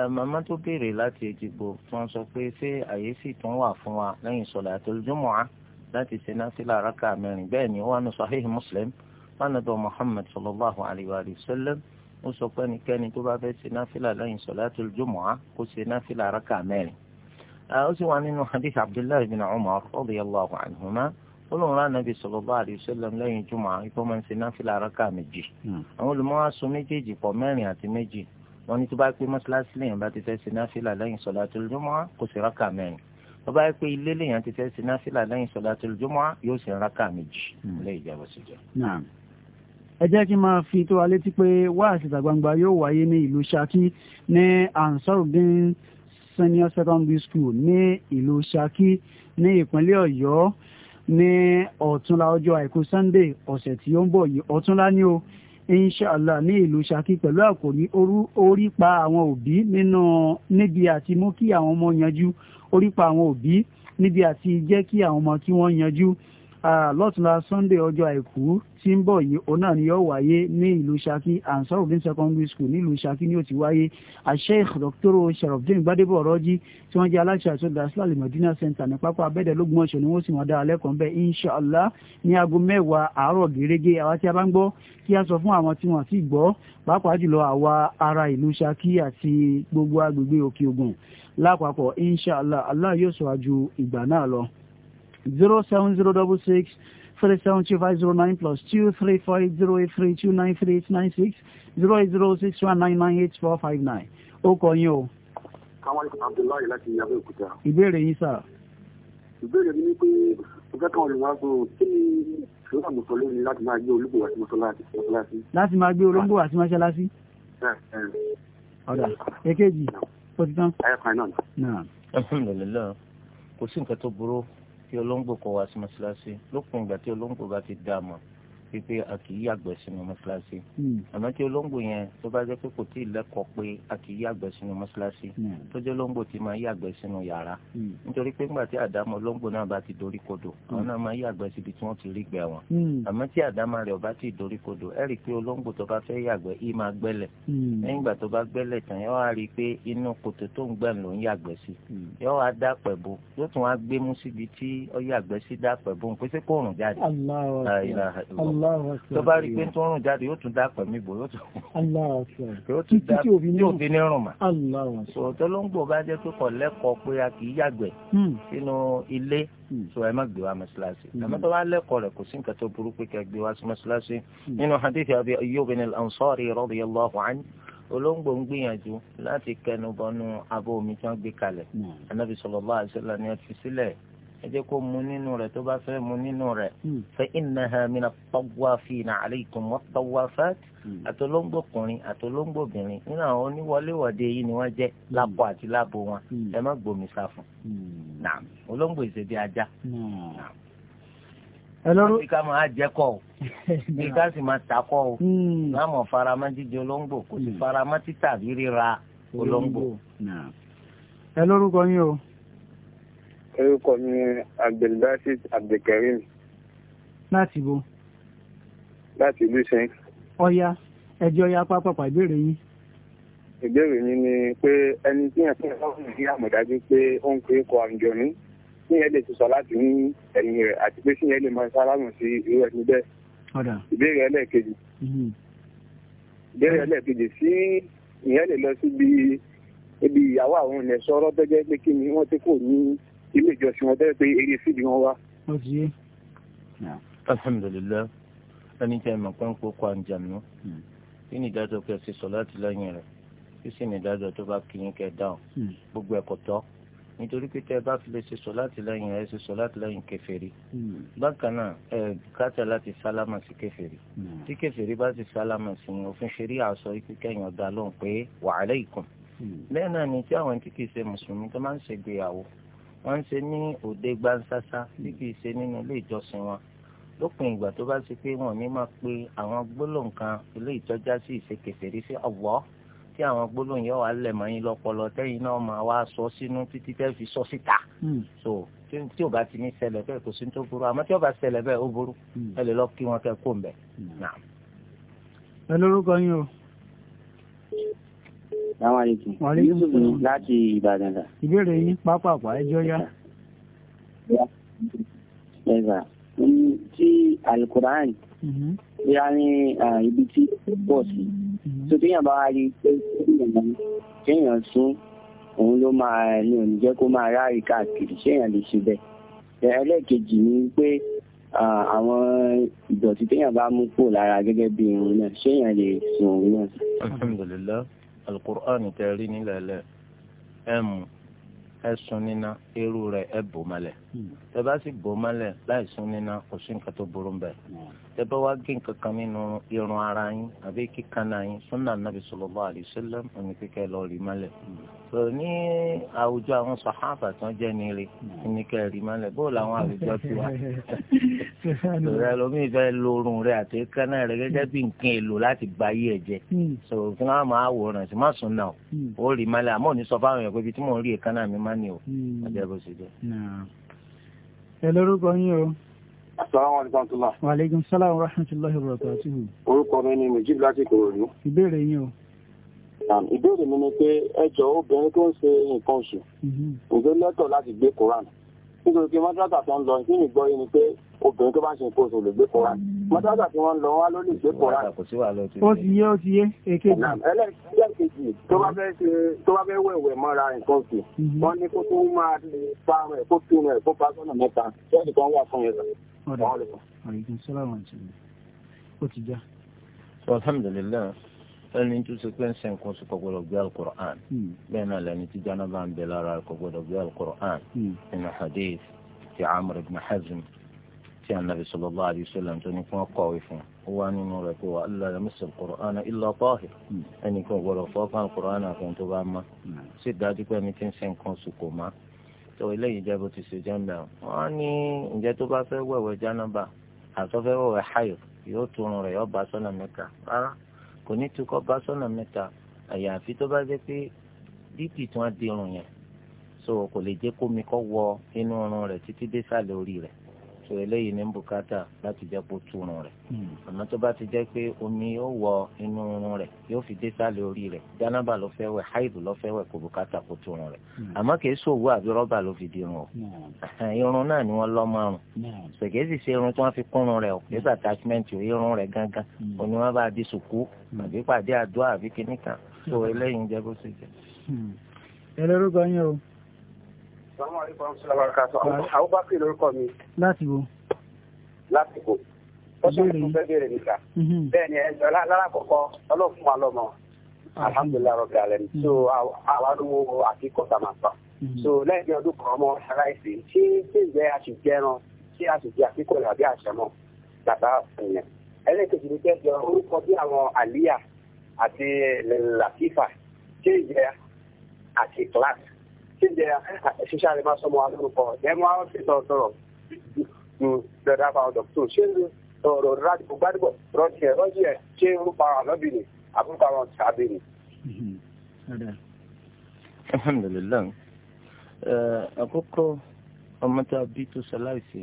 màmá tó béèrè láti Èjìgbò fún sọ pé ṣé àyè sì tún wà fún wa lẹ́yìn sọ̀látul jumu'ah láti ṣe náfìlà rákà mẹ́rin bẹ́ẹ̀ ni wọ́n á nù Sahih Muslim fánàbọ̀ Muhammad sallallahu alayhi wa sallam ó sọ pé ẹnikẹ́ni tó bá fẹ́ ṣe náfìlà lẹ́yìn sọ̀látul jumu'ah kó ṣe náfìlà rákà mẹ́rin ó sì wà nínú hadith abdullahi bin umar radiyallahu anhuma olùwàrà anabi sallallahu alayhi wa wọn ní tó bá pé mọ́ṣáláṣí lèèyàn bá ti fẹ́ ṣe náfìlà lẹ́yìn sọ̀látul jumu'ah kò sí rákà mẹ́rin tó bá pé ilé lèèyàn ti fẹ́ ṣe náfìlà lẹ́yìn sọ̀látul jumu'ah yóò ṣe rákà méjì lẹ́yìn ìjẹ́bù síjọ. ẹ jẹ́ kí n máa fi tó wa létí pé wáàsí ìta yóò wáyé ní ìlú Ṣakí ní Ansarudeen senior secondary school ní ìlú Ṣakí ní ìpínlẹ̀ Ọ̀yọ́ ní ọ̀túnla ọjọ́ àìkú Sunday ọ̀sẹ̀ tí ó ń bọ̀ yìí ọ̀túnla ni o. Mm inshàlá ní ìlú Ṣakí pẹ̀lú àkòrí orí pa àwọn òbí nínú níbi àti mú kí àwọn ọmọ yanjú orí pa àwọn òbí níbi àti jẹ́ kí àwọn ọmọ kí wọ́n yanjú lọ́túnla sunday ọjọ́ àìkú tí ń bọ̀ yìí òun náà ni yóò wáyé ní ìlú Ṣakí ansarudin secondary school nílùú Ṣakí ni ó ti wáyé asheikh dr sharafdin gbadebo ọ̀rọ̀jì tí wọ́n jẹ́ aláṣẹ àti olùdásílẹ̀ alimọ̀dínà center ní pápá abẹ́dẹ̀ lógúnmọ̀ṣọ́ ni wọ́n sì mọ̀ dára lẹ́kọ̀ọ́ bẹ́ẹ̀ inshàlá ní aago mẹ́wàá àárọ̀ gẹ́gẹ́ àwa tí a bá ń gbọ́ kí a sọ fún àwọn tí wọ́n ti gbọ́ pàápàá jùlọ àwa ará ìlú Ṣakí àti gbogbo agbègbè Òkè Ògùn lápapọ̀ inshàlá Allah yóò sọ àjù ìgbà náà lọ zero seven zero double six three seven five zero nine plus two three four zero eight three two nine three eight nine six zero zero six one nine nine eight four five nine ó kọ yín o. káwọn abdullahi láti Abẹ́òkúta. ìbéèrè yín sà. ìbéèrè mi ni pé ọjọ́ kan olùwà gbọ́ kí ni ìṣòro àmọ̀sọ lónìí láti máa gbé olóńgbò àti mọ́ṣáláṣí. láti máa gbé olóńgbò àti mọ́ṣáláṣí. ọ̀dà èkejì ó ti tán. ayọ̀kan náà. alhamdulilayi kò sí nǹkan tó burú kí olóńgbò kó wá sí mọ́ṣáláṣí lópin ìgbà tí olóńgbò bá ti dá a mọ̀ pípé a kì í yàgbẹ́ sínú mọ́ṣáláṣí hmm. àmọ́ tí olóńgbò yẹn tó bá jẹ́ pé kò tí ì lẹ́kọ̀ọ́ pé a kì í yàgbẹ́ sínú mọ́ṣáláṣí hmm. tó jẹ́ olóńgbò tí máa yàgbẹ́ sínú yàrá hmm. nítorí pé ńgbà tí àdámọ̀ olóńgbò náà bá ti dorí kodò àwọn náà máa yàgbẹ́ síbi tí wọ́n ti rí gbẹ̀ wọn àmọ́ tí àdámọ̀ rẹ̀ bá ti dorí kodò ẹ rí i pé olóńgbò tó bá fẹ́ yàgbẹ́ yìí máa gbẹ́lẹ̀ lẹ́yìn ìgbà tó bá rí i pé tó ń rùn jáde yóò tún dá pẹ̀mí bò yóò tún dá tí ò fi ní rùn mà. sọ̀tọ́ ló ń gbò bá jẹ́ pé kò lẹ́kọ̀ọ́ pé a kì í yàgbẹ́ hmm. sínú ilé hmm. sọ ẹ má gbé wa mọ́ṣáláṣí hmm. àmọ́ tó bá lẹ́kọ̀ọ́ rẹ̀ kò sí nǹkan tó burú pé kẹ́ gbé wa sí mọ́ṣáláṣí nínú hadith Abi Ayyub al-Ansari radiyallahu anhu olóńgbò ń gbìyànjú láti kẹnu bọnú abọ́ omi tí wọ́n gbé kalẹ̀ Ànábì sallallahu alaihi wasallam ni ó fi sílẹ̀ e jẹ́ kó mu nínú rẹ̀ tó bá fẹ́ mu nínú rẹ̀ hmm. fa innaha mina tawafina alaykum wat-tawafat hmm. àtolóńgbòkùnrin àtolóńgbòbìnrin nínú àwọn oníwọléwọ̀de yìí ni wọ́n jẹ́ hmm. lápò àti lábo wọn ẹ má gbòmí sáfún naam olóńgbò ìṣèdí ajá naam ẹlọ́rú máa jẹ́ kọ́ o sì máa ta kọ́ o farama jíjẹ olóńgbò kò sí farama títà olóńgbò. ẹ lórúkọ yín o. orúkọ mi ni abdulbasit abdulkareem. láti bo. láti ìlú sẹ́yìn. ọ̀ya ẹjọ́ ya pápápá ìbéèrè yín. ìbéèrè mi ni pé ẹni tí yẹn fún ọmọ mi àmọ̀dájú pé ó ń pe kọ àǹjọ ní tí yẹn lè ti sọ láti ní ẹ̀yìn rẹ̀ àti pé tí yẹn lè máa sálámù sí irú ẹni bẹ́ẹ̀. ìbéèrè ẹlẹ́ẹ̀kejì. ìbéèrè ẹlẹ́ẹ̀kejì sí ìyẹn lè lọ síbi ibi ìyàwó àwọn ilẹ̀ sọ̀rọ̀ bẹ́jẹ́ pé kí ni wọ́n ti kò ní ilé ìjọsìn wọn bẹ́ẹ̀ pé eré sí ni wọ́n wá. alhamdulilayi ẹni jẹ́ ìmọ̀ pẹ́ńpọ̀ kọ́ àǹjànú hmm. kí ni ìdájọ́ kẹ́ ẹ ti sọ láti lẹ́yìn rẹ̀ kí sì ni ìdájọ́ tó bá kí yín kẹ́ ẹ dáhùn hmm. gbogbo ẹ̀kọ́ tọ́ nítorí pé tẹ́ ẹ bá fi lè ṣe sọ láti lẹ́yìn ẹ ṣe sọ láti lẹ́yìn kèfèrí hmm. bákan náà ẹ bùkátà láti sálámà sí kèfèrí tí kèfèrí bá ti sálámà sí ni òfin ṣeré àṣọ ikú kẹyìn ọ̀dà lóhùn pé wa alaykum lẹ́yìn náà ni tí àwọn tí kì í ṣe mùsùlùmí tó máa ń ṣègbéyàwó wọ́n ń ṣe ní òde gbansasa bí kì í ṣe nínú ilé ìjọsìn wọn lópin ìgbà tó bá ṣe pé wọn ò ní máa pe àwọn gbólóhùn kan ilé ìtọ́já sí ìṣekèfèrí sí Allah tí àwọn gbólóhùn yóò wá lẹ̀ mọ́yìn lọ́pọlọ tẹ́yìn náà máa wá sọ sínú títí tẹ́ fi sọ síta hmm. so tí ò bá ti ní ṣẹlẹ̀ bẹ́ẹ̀ kò sí tó burú àmọ́ tí ò bá ṣẹlẹ̀ bẹ́ẹ̀ ó burú hmm. ẹ lè lọ kí wọn kẹ́ kó ń bẹ̀. Hmm. ẹ lórúkọ yín o. Assalamu alaikum. Wa láti Ìbàdàn dà. Ìbéèrè yín pápápá ẹjọ́ yá. Ẹ̀gbà tí Alukurani bí mm-hmm. ní ibi tí pọ̀ sí. Tó mm-hmm. téèyàn bá rí pé téèyàn sún òun ló máa ní oníjẹ́ kó máa ráàrí káàkiri séèyàn lè ṣe bẹ́ẹ̀. Ẹlẹ́ẹ̀kejì ni pé àwọn ìdọ̀tí téèyàn bá mú kúrò lára gẹ́gẹ́ bí irun náà séèyàn lè sun òun náà alukur'an tẹ rí nílẹ̀ lẹ ẹ mú ẹ sùn níná irú rẹ̀ ẹ bò malẹ̀ tẹ bá sì bò mọ́lẹ̀ láì sún nínú kò sí nǹkan tó burú bẹ́ẹ̀ tẹ bá wá gé nǹkan kan nínú irun ara yín àbí kíkanna yín súnà nàbì sallallahu alaihi wasallam òní kíkẹ lọ rí mọ́lẹ̀ tó ní àwùjọ àwọn sàhábà tán jẹ́ nílé ní kẹ rí mọ́lẹ̀ bó làwọn àwùjọ ti wá rẹ lómi ìfẹ́ lorun rẹ àti kánà rẹ gẹ́gẹ́ bí nǹkan èlò láti gba ayé ẹ jẹ hmm. so kí hmm. o hmm. àjẹbó ẹ lórúkọ yín o. Assalamu alaikum warahmatullahi. Wa alaikum salam wa rahmatullahi wa barakatuhu. Orúkọ mi ni Mujib láti Ìkòròdú. Ìbéèrè yín o. Ìbéèrè mi ni pé obìnrin tó bá ṣe nǹkan oṣù lè gbé kọ́ra mm. mọ́tàdà tí wọ́n ń lọ wá ló lè gbé kọ́ra. ó ti yé ó ti yé èkejì. ẹlẹ́ẹ̀kejì tó bá fẹ́ ṣe tó bá fẹ́ wẹ̀wẹ̀ mọ́ra nǹkan oṣù mm-hmm. wọ́n ní kó tó máa pa rẹ̀ kó tún rẹ̀ kó pa sọ́nà mẹ́ta ṣẹ́ẹ̀dì kan wà fún yẹn. alhamdulilayi ẹni tó ṣe pé ń ṣe nǹkan oṣù kò gbé alukur'an mm. bẹ́ẹ̀ náà lẹni tí jánábà ń bẹ lára kò gbé alukur'an nínú mm. hadith ti amr ibn hazm tí anabi sallallahu alaihi wasallam tó ní fún ọkọ̀wé fún ó nínú pé wà ẹnì kan tó bá má dájú pé ẹni tí ń kan sùn kò má tó eléyìí jẹ́ bó ti ṣe jẹ́ wọn ní ǹjẹ́ tó bá fẹ́ wẹ̀wẹ̀ jánábà àtọ́fẹ́ wẹ̀wẹ̀ háyò yóò rẹ̀ sọ́nà mẹ́ta rárá kò ní bá so eléyìí ní bùkátà láti jẹ́ kó túrun rẹ̀ hmm. ọ̀nà tó bá ti jẹ́ pé omi yóò wọ inú irun rẹ̀ yóò fi dé sálẹ̀ orí rẹ̀ jánábà ló fẹ́ wẹ̀ háìdù ló fẹ́ wẹ̀ kó bùkátà kó túrun rẹ̀ hmm. àmọ́ kìí ṣòwò àbí rọ́bà ló fi di irun o hmm. irun náà ni wọ́n lọ́ márùn ṣèké sì ṣe irun tí wọ́n fi kúrun rẹ̀ o kìí ṣe attachment o irun rẹ̀ gangan òní wọ́n bá di sùkú àbí pàdé àdúrà àbí kíníkan so eléyìí ń jẹ́ bó ṣe jẹ́. ẹ Àwùbákì lórúkọ mi. Láti wo? Láti wo. Ó sọ fún fẹ́ bèrè nìkan. Bẹ́ẹ̀ni ẹ̀jọ̀ lára kọ̀kọ́ ọlọ́fun wa lọ́mọ. Ah, Alhamdulilayi mm-hmm. rọ̀ gàlẹ́ ni. So mm-hmm. àwa lówó àti kọ̀tà máa pa. Mm-hmm. So lẹ́yìn ọdún kan ọmọ aláìsí ṣé ṣé ìgbẹ́ àṣìjẹ́ ẹran ṣé àṣìjẹ́ àkíkò rẹ̀ àbí àṣẹmọ̀ bàbá ìyẹn. Ẹlẹ́kejì ni kẹ́jọ orúkọ bí àwọn àlíyà àti làkífà ṣé ìgbẹ́ àti kíláàsì síjẹ ṣiṣẹ́ rẹ̀ máa sọmọ alórúkọ ẹ̀mú àwọn fi sọ̀rọ̀ sọ̀rọ̀ lọ́dọ̀ àbáwọn dọ̀kítọ̀ ṣé ọ̀rọ̀ rádìbò gbádùbọ̀ rọ́ọ̀tì ẹ̀ rọ́ọ̀tì ẹ̀ ṣé orúkọ àwọn àlọ́bì ni àbúrúkọ àwọn tàbí ni. Hmm, alhamdulilayi àkókò ọmọ tá a bí tó ṣaláìsí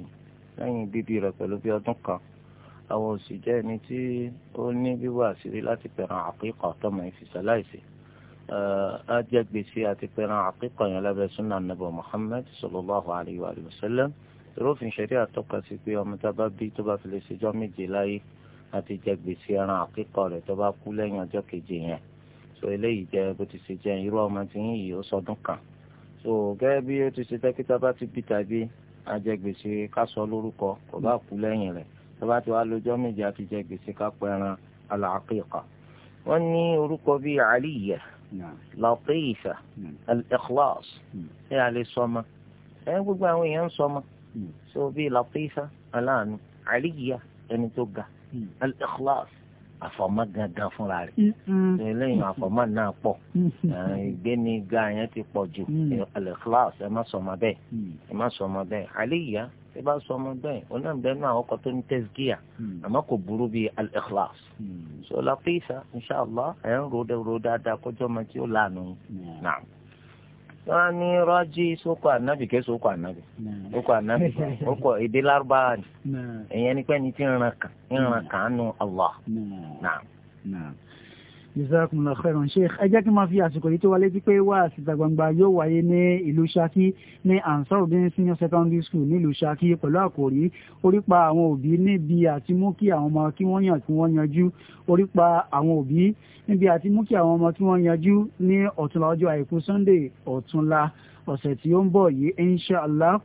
lẹ́yìn bíbí rẹ̀ pẹ̀lú bí ọdún kan àwọn òsì jẹ́ ẹni tí ó ní wíwá àṣírí láti pẹ̀ràn àpékọ̀ tọmọ ìfìṣaláìsí á jẹ́ gbèsè àti pẹ̀ràn àkíkọ̀ yẹn lábẹ́ sunnah nàbọ̀ Muhammad sallallahu alayhi wa sallam ìrófin ṣẹ̀rí àtọ́ka sí pé ọmọ tá a bá bí tó bá fi lè ṣèjọ́ méje láyé àti jẹ gbèsè ẹran àkíkọ̀ rẹ̀ tó bá kú lẹ́yìn ọjọ́ keje yẹn so eléyìí jẹ bó ti ṣe jẹ irú ọmọ tí ń yìí ó sọdún kan so gẹ́gẹ́ bí ó ti ṣe dókítà bá ti bí tàbí ajẹgbèsè kásọ lórúkọ kò bá kú lẹ́yìn rẹ̀ tó bá ti wá lọ́jọ́ méje àti jẹ kápẹ́ ẹran àlàáfíà wọ́n ní orúkọ bíi àlìyẹ latifa al-ikhlas ẹ hmm. à lè sọmọ ẹ gbogbo àwọn èèyàn ń sọmọ hmm. so bíi latifa aláàánú àríyá ẹni tó ga hmm. al-ikhlas àfọmọ gangan fúnra rẹ lẹ́yìn àfọmọ náà pọ̀ ìgbéni ga yẹn ti pọ̀ jù al-ikhlas ẹ má sọmọ bẹ́ẹ̀ ẹ má sọmọ bẹ́ẹ̀ àríyá tí bá sọ ọmọ bẹ́ẹ̀ onáàbẹ́nu àwọn ọkọ̀ tó ní tẹ́sígíà hmm. àmọ́ kò burú bíi al-ikhlas. sọ làkìsà inṣàlá ń ro ro dáadáa kọjọ́ ọmọ tí ó lànà hmm. ní sókò sókò hmm. sókò sókò èdè ni èyàn ní pẹ́ni tí ń ràn kàn ń ràn kàn nù Allah jazakumullahu khairan sheikh ẹ jẹ́ kí n máa fi àsìkò yìí tó wa létí pé wá síta gbangba yóò wáyé ní ìlú Ṣakí ní Ansarudeen senior secondary school nílùú Ṣakí pẹ̀lú àkòrí orípa àwọn òbí níbi àti mú kí àwọn ọmọ kí wọ́n yàn kí wọ́n yanjú orípa àwọn òbí níbi àti mú kí àwọn ọmọ kí wọ́n yanjú ní ọ̀túnla ọjọ́ àìkú Sunday ọ̀túnla ọ̀sẹ̀ tí ó ń bọ̀ yìí inshallah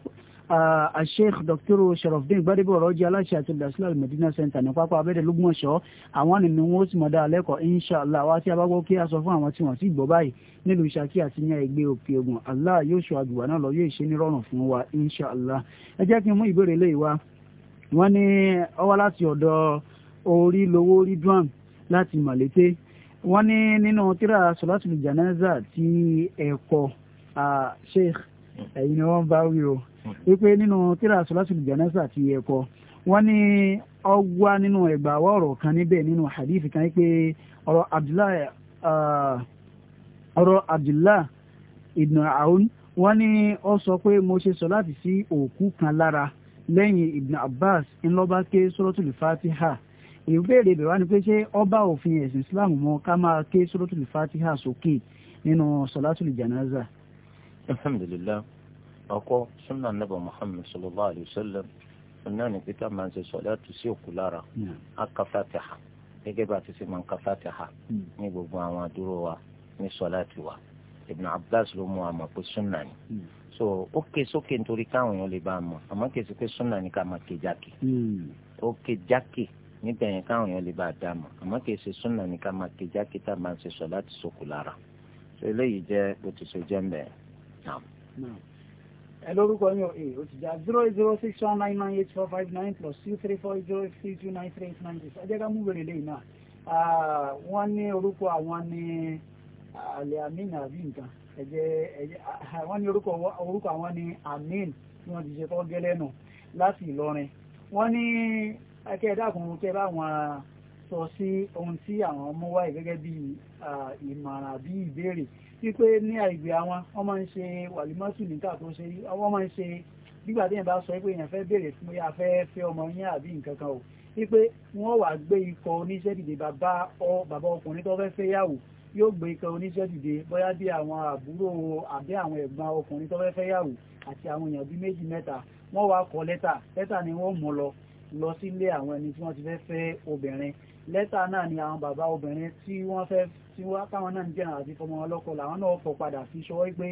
Sheikh Dr. Sharafdin Gbadebo ọ̀rọ̀jì aláṣẹ àti olùdásílẹ̀ alimẹ̀dínà center ní pápá abẹ́rẹ́ lógúnmọ̀ṣọ́ àwọn àni ni wọ́n ti mọ̀ dáa lẹ́kọ̀ọ́ inshallah wá sí abágbó kí a sọ fún àwọn tí wọ́n ti gbọ́ báyìí nílùú Ṣakí àti ní ẹgbẹ́ òkè ogun Allah yóò ṣọ àgbègbè náà lọ yóò ṣe ní rọrùn fún wa inshallah ẹ jẹ́ kí n mú ìbéèrè lè wá wọ́n ní ọwọ́ láti ọ̀dọ̀ orí lowó orí drum láti Màlété wọ́n ní nínú tíra sọ̀látùlù janaza ti ẹ̀kọ́ Sheikh ẹ̀yin ni wọn bá wí o wípé nínú tíra sọlásùlù jánásà ti ẹ̀kọ́ wọ́n ní ọgbà nínú ẹ̀gbà ọrọ kan nínú hadith kan wípé ọrọ abdullahi ọ̀rọ̀ abdullahi ibn aoun wọ́n ní ọ sọ pé mo ṣe sọ láti sí òkú kan lára lẹ́yìn ibn abbas ké fatiha ìbéèrè wá ọba òfin ẹ̀sìn islam ká máa ké fatiha sókè nínú sọlátùlù الحمد لله sunna nabọ النبي محمد صلى الله عليه وسلم ni peter من ń ṣe sọlá tu sí òkú lára aka fatiha gẹ́gẹ́ bá a ti ابن máa ń ka fatiha mm. ní gbogbo àwọn àdúró mm. so ó ké sókè nítorí káwọn èèyàn lè bá a mọ̀ àmọ́ kì í ṣe pé sunna ni ká máa ké jákè mm. ó ké jákè níbẹ̀ yẹn káwọn èèyàn lè bá a dá a mọ̀ àmọ́ sunna ni ká máa ké jákè tá a máa ń ṣe so eléyìí jẹ́ bó ti ṣe jẹ́ ẹ lórúkọ yín o ó ti já zero eight zero six one nine nine eight four five nine plus two three four zero three two nine three eight nine six ẹ jẹ́ ká mú wèrè lẹ́yìn náà wọ́n ní orúkọ àwọn ní alẹ́ amin àbí nǹkan ẹ jẹ́ ẹ jẹ́ wọ́n ní orúkọ àwọn ní amin tí wọ́n ti ṣe tọ́ gẹ́lẹ́ nù láti Ìlọrin wọ́n ní ẹkẹ́ dákùnrin kẹ́ bá wọn sọ sí ohun tí àwọn ọmọ wáyé gẹ́gẹ́ bí ìmọ̀ràn àbí ìbéèrè wípé ní àìgbé àwọn wọ́n máa ń ṣe wàlímọ́sù nígbà tó ń ṣe wọ́n máa ń ṣe nígbà tí èèyàn bá sọ pé èèyàn fẹ́ bèèrè fún ya fẹ́ fẹ́ ọmọ yín àbí nǹkan kan o wípé wọ́n wà gbé ikọ̀ oníṣẹ́ dìde bàbá ọ bàbá ọkùnrin tó fẹ́ fẹ́ yàwó yóò gbé ikọ̀ oníṣẹ́ dìde bóyá bí àwọn àbúrò àbí àwọn ẹ̀gbọ́n ọkùnrin tó fẹ́ fẹ́ yàwó àti àwọn èèyàn bíi méjì mẹ́ta wọ́n wá kọ lẹ́tà lẹ́tà ni wọ́n mú lọ lọ sílé àwọn ẹni tí wọ́n ti fẹ́ fẹ́ obìnrin lẹ́tà náà ni àwọn bàbá obìnrin tí wọ́n fẹ́ sí wá káwọn náà ń jẹ́ àti fọmọ ọlọ́kọ làwọn náà fọ padà sí ṣọwọ́ pé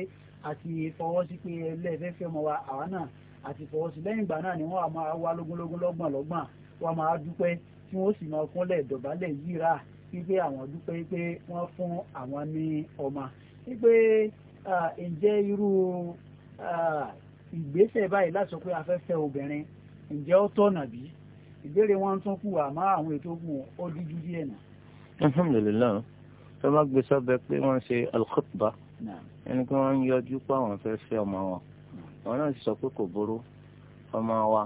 àti fọwọ́ sí pé ẹlẹ́fẹ́ fi ọmọ wa àwọn náà àti fọwọ́ sí lẹ́yìn ìgbà náà ni wọ́n máa wá lógúnlógún lọ́gbọ̀n lọ́gbọ̀n wọ́n máa dúpẹ́ tí wọ́n sì máa kúnlẹ̀ dọ̀bálẹ̀ yíra wípé àwọn dúpẹ́ pé wọ́n fún àwọn ní ọmọ wípé ǹjẹ́ irú ìgbésẹ̀ báyìí láti sọ pé a obìnrin ǹjẹ́ ó tọ̀nà bí ìbéèrè wọn tún kù àmọ́ àwọn ètò kù ó díjú díẹ̀ nà. alhamdulilayi tó má gbé sọ́bẹ̀ pé wọ́n ṣe alkhutba ẹni pé wọ́n ń yọjú pé àwọn fẹ́ fẹ́ ọmọ wọn àwọn náà sọ pé kò burú ọmọ wa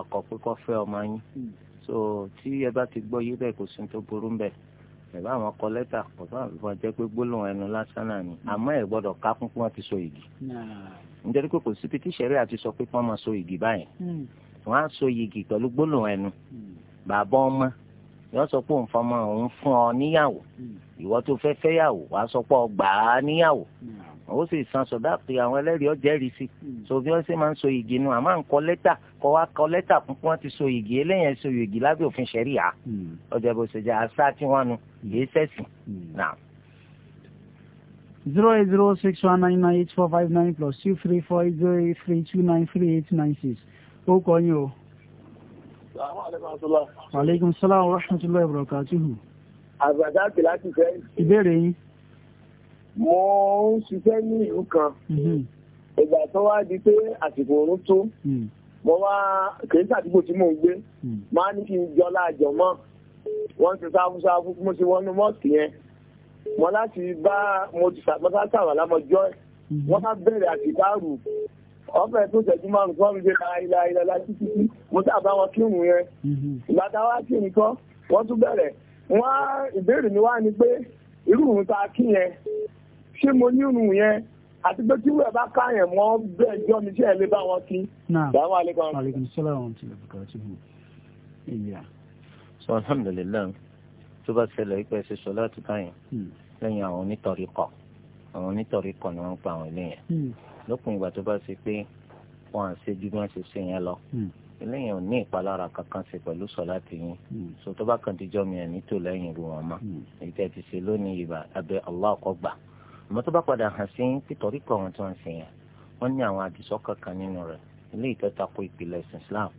àkọ́ pé kọ́ fẹ́ ọmọ yín hmm. so tí ẹ bá ti gbọ́ yí bẹ́ẹ̀ kò sí tó burú bẹ́ẹ̀ ẹ̀bá àwọn kọ lẹ́tà kò tó àwọn ìfọ̀n jẹ́ pé gbólóhùn ẹnu lásán náà ni hmm. àmọ́ ẹ̀ gbọ́dọ̀ ká fún pé wọ́n ti so igi nítorí pé kò sí pé tíṣẹ̀rí àti sọ pé kí wọ́n máa so igi báyìí hmm. wọ́n á so igi pẹ̀lú gbólóhùn ẹnu bàbá ọmọ yọ sọ pé òun fọmọ òun fún ọ níyàwó ìwọ tó fẹ́ fẹ́yàwó wàá sọ pé ọ gbà á níyàwó ó sì san sọdá pé àwọn ẹlẹ́rìí ọ̀jẹ̀rìí sí sòfin ọ̀sẹ̀ máa ń so igi nu àmọ́ à ń kọ lẹ́tà kọ wá kọ lẹ́tà púpọ̀ ti so igi eléyẹn so igi lábẹ́ òfin ṣẹ̀ríà ọjà bó ṣe jẹ́ àṣà tí wọ́n nu yìí sẹ́sìn náà. zero eight zero six one nine nine eight four five nine plus two three four zero eight three two nine three eight nine six ó kọ́ yín o. Aleykum salaam wa rahmatullahi wa barakatuhu. Àgbàdá àti láti fẹ́. Ìbéèrè yín. Mo ń ṣiṣẹ́ ní ìlú kan. Mhm. Ìgbà tó wá di pé àsìkò oorun tó. Mhm. Mo wá kìí sàdúgbò tí mò ń gbé. Mhm. Máa ní kí n jọlá àjọmọ́. Wọ́n ti sáfúsáfú mo ti wọnú mọ́ọ̀sì yẹn. Mo láti bá mo ti sàmọ́sá sàwàlámọ́jọ́. Wọ́n bá bẹ̀rẹ̀ àsìkò àrùn ọ̀fẹ́ tó tẹ̀jú márùn kọ́ mi dé láìlà ìlàlá títí tí mo tàbá wọn kírun yẹn mhm. ìgbàta wá kí nìkan wọ́n tún bẹ̀rẹ̀ wọ́n ìbéèrè mi wá ni pé irú òun ta kí yẹn ṣé mo ní irun yẹn àti pé tí wúrẹ̀ bá káyàn mọ́ bẹ́ẹ̀ jọ́ mi tí ẹ̀ lé bá wọn kí. Assalamu alaikum. so alhamdulilayi tó bá ṣẹlẹ̀ ipẹ́ ṣe sọ láti báyìí hmm. lẹ́yìn àwọn onítọ̀rí kọ̀ àwọn onítọ̀rí kọ̀ ni wọ́n pa àwọn ilé yẹn. Hmm lópin ìgbà tó bá ṣe pé wọn à ń ṣe bí wọn ṣe ṣe yẹn lọ hmm. eléyìí ò ní ìpalára kankan ṣe pẹ̀lú sọ̀láàtì yín hmm. so tó bá kàn ti jọ́ mi ẹ̀ ní tò lẹ́yìn irú wọn mọ́ hmm. èyí tẹ́ ti ṣe lónìí ìbà abẹ́ Allah kó gbà àmọ́ tó bá padà hàn sí pítorí kọ́ wọn tí wọ́n ń ṣe yẹn wọ́n ní àwọn àdìsọ́ kankan nínú rẹ̀ eléyìí tó tako ìpìlẹ̀ Islam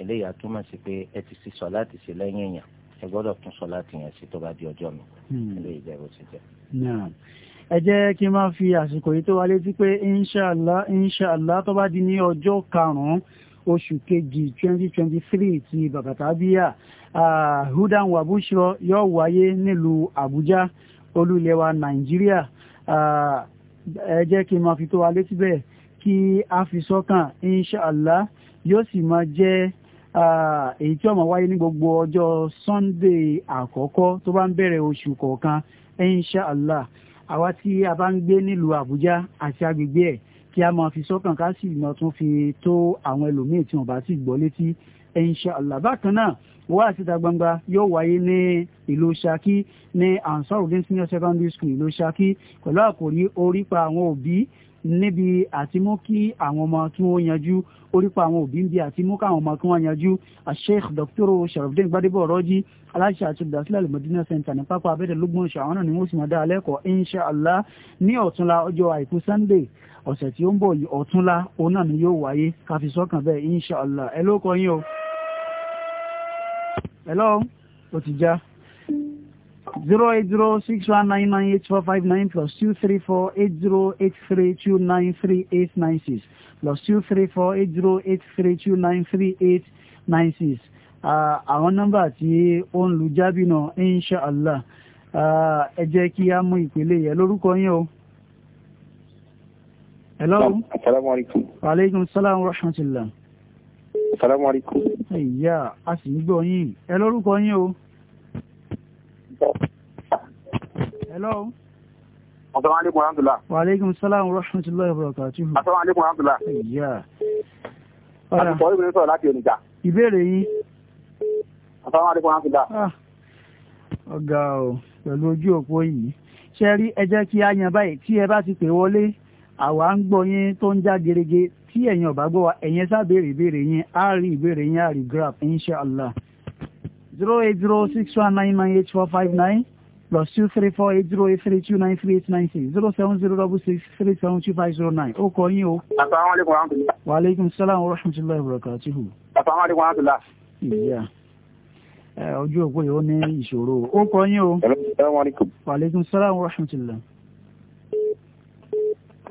eléyìí àtúmọ̀ sí pé ẹ ti ṣe sọ̀láàtì ṣe lẹ́yìn èèyàn ẹ gbọ́dọ̀ tún sọ̀láàtì yẹn ṣe tó bá di ọjọ́ mi eléyìí ẹ jẹ́ kí n máa fi àsìkò yìí tó wa létí pé inshàlá inshàlá tó bá di ní ọjọ́ karùn-ún oṣù kejì twenty ti bàbàtàbíyà hudan wabushọ yóò wáyé nílùú àbújá olú wa nàìjíríà ẹ jẹ́ kí n máa fi tó wa létí bẹ́ẹ̀ kí a fi sọ́kàn inshàlá yóò sì máa jẹ́ èyí tí ó wáyé ní gbogbo ọjọ́ sunday àkọ́kọ́ tó bá ń bẹ̀rẹ̀ oṣù kọ̀ọ̀kan inshàlá àwa tí a bá ń gbé nílùú àbújá àti agbègbè ẹ̀ kí a máa fi sọ́kàn ká sì máa tún fi tó àwọn ẹlòmíì tí wọ́n bá sì gbọ́ létí inshallah bákan náà wá síta gbangba yóò wáyé ní ìlú Ṣakí ní Ansarudeen senior secondary school ìlú Ṣakí pẹ̀lú àkòrí orípa àwọn òbí níbi àti mú kí àwọn ọmọ tí wọ́n yanjú orípa àwọn òbí ń bi àti mú káwọn ọmọ tí wọ́n yanjú Sheikh Dr. Sharafdin Gbadebo Ọ̀rọ́jì aláṣẹ àti olùdásílẹ̀ alimọ̀dínà center ní pápá abẹ́rẹ́ lógún ṣàwọn náà ni wọ́n sì máa dá alẹ́kọ̀ọ́ insha allah ní ọ̀túnla ọjọ́ àìkú sunday ọ̀sẹ̀ tí ó ń bọ̀ ọ̀túnla òun náà ni yóò wáyé káfí sọ́kàn bẹ́ẹ̀ insha ẹ ló kọ yín o. hello ó ti já zero eight zero six one nine nine eight four five nine plus two three four eight zero eight three two nine three eight nine six plus two three four eight zero eight three two nine three eight nine six uh, àwọn nọ́mbà tí ó ń lu jábì náà inshàlá uh, ẹ jẹ́ kí a mú ìpele yẹ lórúkọ yín o. hello. salaam wa rahmatulah. asalaamualeykum. ẹ̀yà a sì ń gbọ́ yín ẹ lórúkọ yín o hello. Assalamu alaikum warahmatullah. Wa alaikum salam wa rahmatullahi wa barakatuh. Assalamu alaikum warahmatullah. Yeah. Ọ̀rọ̀ ìbò ìbìnrin sọ̀rọ̀ láti ònìjà. Ìbéèrè yín. Assalamu alaikum warahmatullah. Ah. Ọ̀gá o, pẹ̀lú ojú òpó yìí. Ṣé rí ẹ kí a yan báyìí tí ẹ bá ti pè wọlé, àwa ń gbọ́ yín tó ń já gerege tí ẹ̀yin ò bá gbọ́ wa, ẹ̀yin sábẹ̀rẹ̀ ìbéèrè yín, á rí ìbéèrè yín, á rí graph, insha Allah zero eight zero six one nine nine eight four five nine plus two three four eight zero eight three two nine three eight nine six zero seven zero double six three seven two five zero nine ó kọ yín o. asalaamualeykum rahmatulah. waaleykum salaam wa rahmatulahi wa barakatuhu. asalaamualeykum rahmatulah. ìyá ojú òpó yìí ó ní ìṣòro ó kọ yín o. salaamualeykum. waaleykum salaam wa rahmatulah.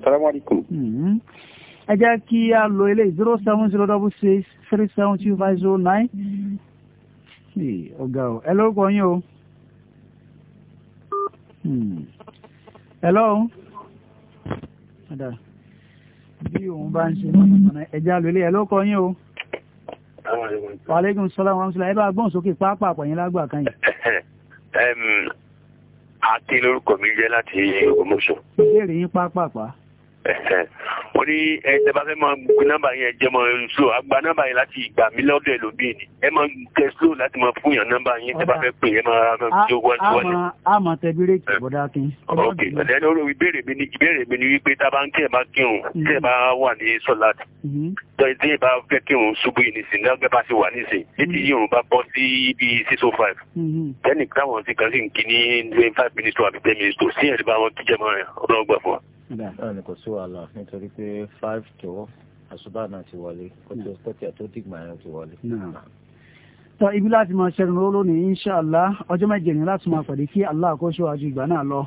salaamualeykum. Mm-hmm. ẹ jẹ́ kí a lo eléyìí zero seven zero double six three seven two five zero nine ọ̀gá o ẹ lórúkọ yín o ẹ hmm. Ada. bí òun bá ń ṣe ọ̀nà ẹ̀já lólé ẹ lórúkọ yín o. wàlẹ́gùn sọlá wọn sọlá ẹ bá gbọ́n sókè pápá àpọ̀yìn lágbà kan yìí. àti lórúkọ mi jẹ́ láti Ògbómọ̀ṣọ́. ìbéèrè yín pápá pa wọ́n ní ẹ̀ẹ́dẹ́ bá fẹ́ máa gbé nọ́mbà yẹn jẹ́ mọ́ slow àgbà nọ́mbà yẹn láti ìgbà mílíọ̀dù ẹ̀ lóbi ni ẹ máa kẹ slow láti máa fún yàn nọ́mbà yẹn tẹ́ bá fẹ́ pè é máa jó wọ́n ti wọlé. a máa tẹ bírèkì bọ́dá kí. ok ẹni olórí ìbéèrè mi ni ìbéèrè mi ni wípé tá a bá ń kí ẹ bá kírun mm-hmm. kí ẹ bá wà ní sọláàtì mm-hmm. tí ẹ bá fẹ́ kírun ṣubú yìí lọ́gbẹ́ mm-hmm. oh five tẹ́nì táwọn ti kàn sí ní five minutes to àbí ten minutes to sí náà ni kò sí wàhálà nítorí pé five to àṣùbà náà ti wọlé kó tó kó tí a tó dìgbà yẹn ti wọlé tọ ibi láti máa ṣẹrin ró lónìí inṣàlá ọjọ́ mẹ́jẹ ní láti máa pàdé kí Allah àkọṣe àjò ìgbà náà lọ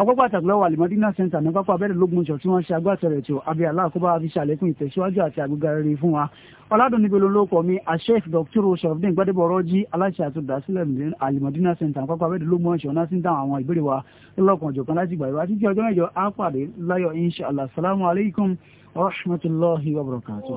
ọpọ́ pàtàkì lọ́wọ́ alimọ́dínà center ní pápá abẹ́rẹ́ lógún ìṣọ̀ tí wọ́n ṣe agbátẹrẹ ètò abẹ́ Allah àkọ́bá àfi ṣàlékún ìtẹ̀síwájú àti àgbéga rere fún wa ọ̀làdùn níbi olóńlọ́pọ̀ mi àṣẹ́f dr sọ̀rọ̀dín gbadebo ọ̀rọ̀jì aláṣẹ àtúndásílẹ̀ alimọ́dínà center ní pápá abẹ́rẹ́ lógún ìṣọ̀ náà sí ń dáhùn àwọn ìbéèrè wa lọ́kàn òjọ̀kan láti gbà wá títí ọjọ́ mẹ́jọ á pàdé láyọ̀ inṣàlá salamu alaykum wa rahmatulahi wa barakatuh.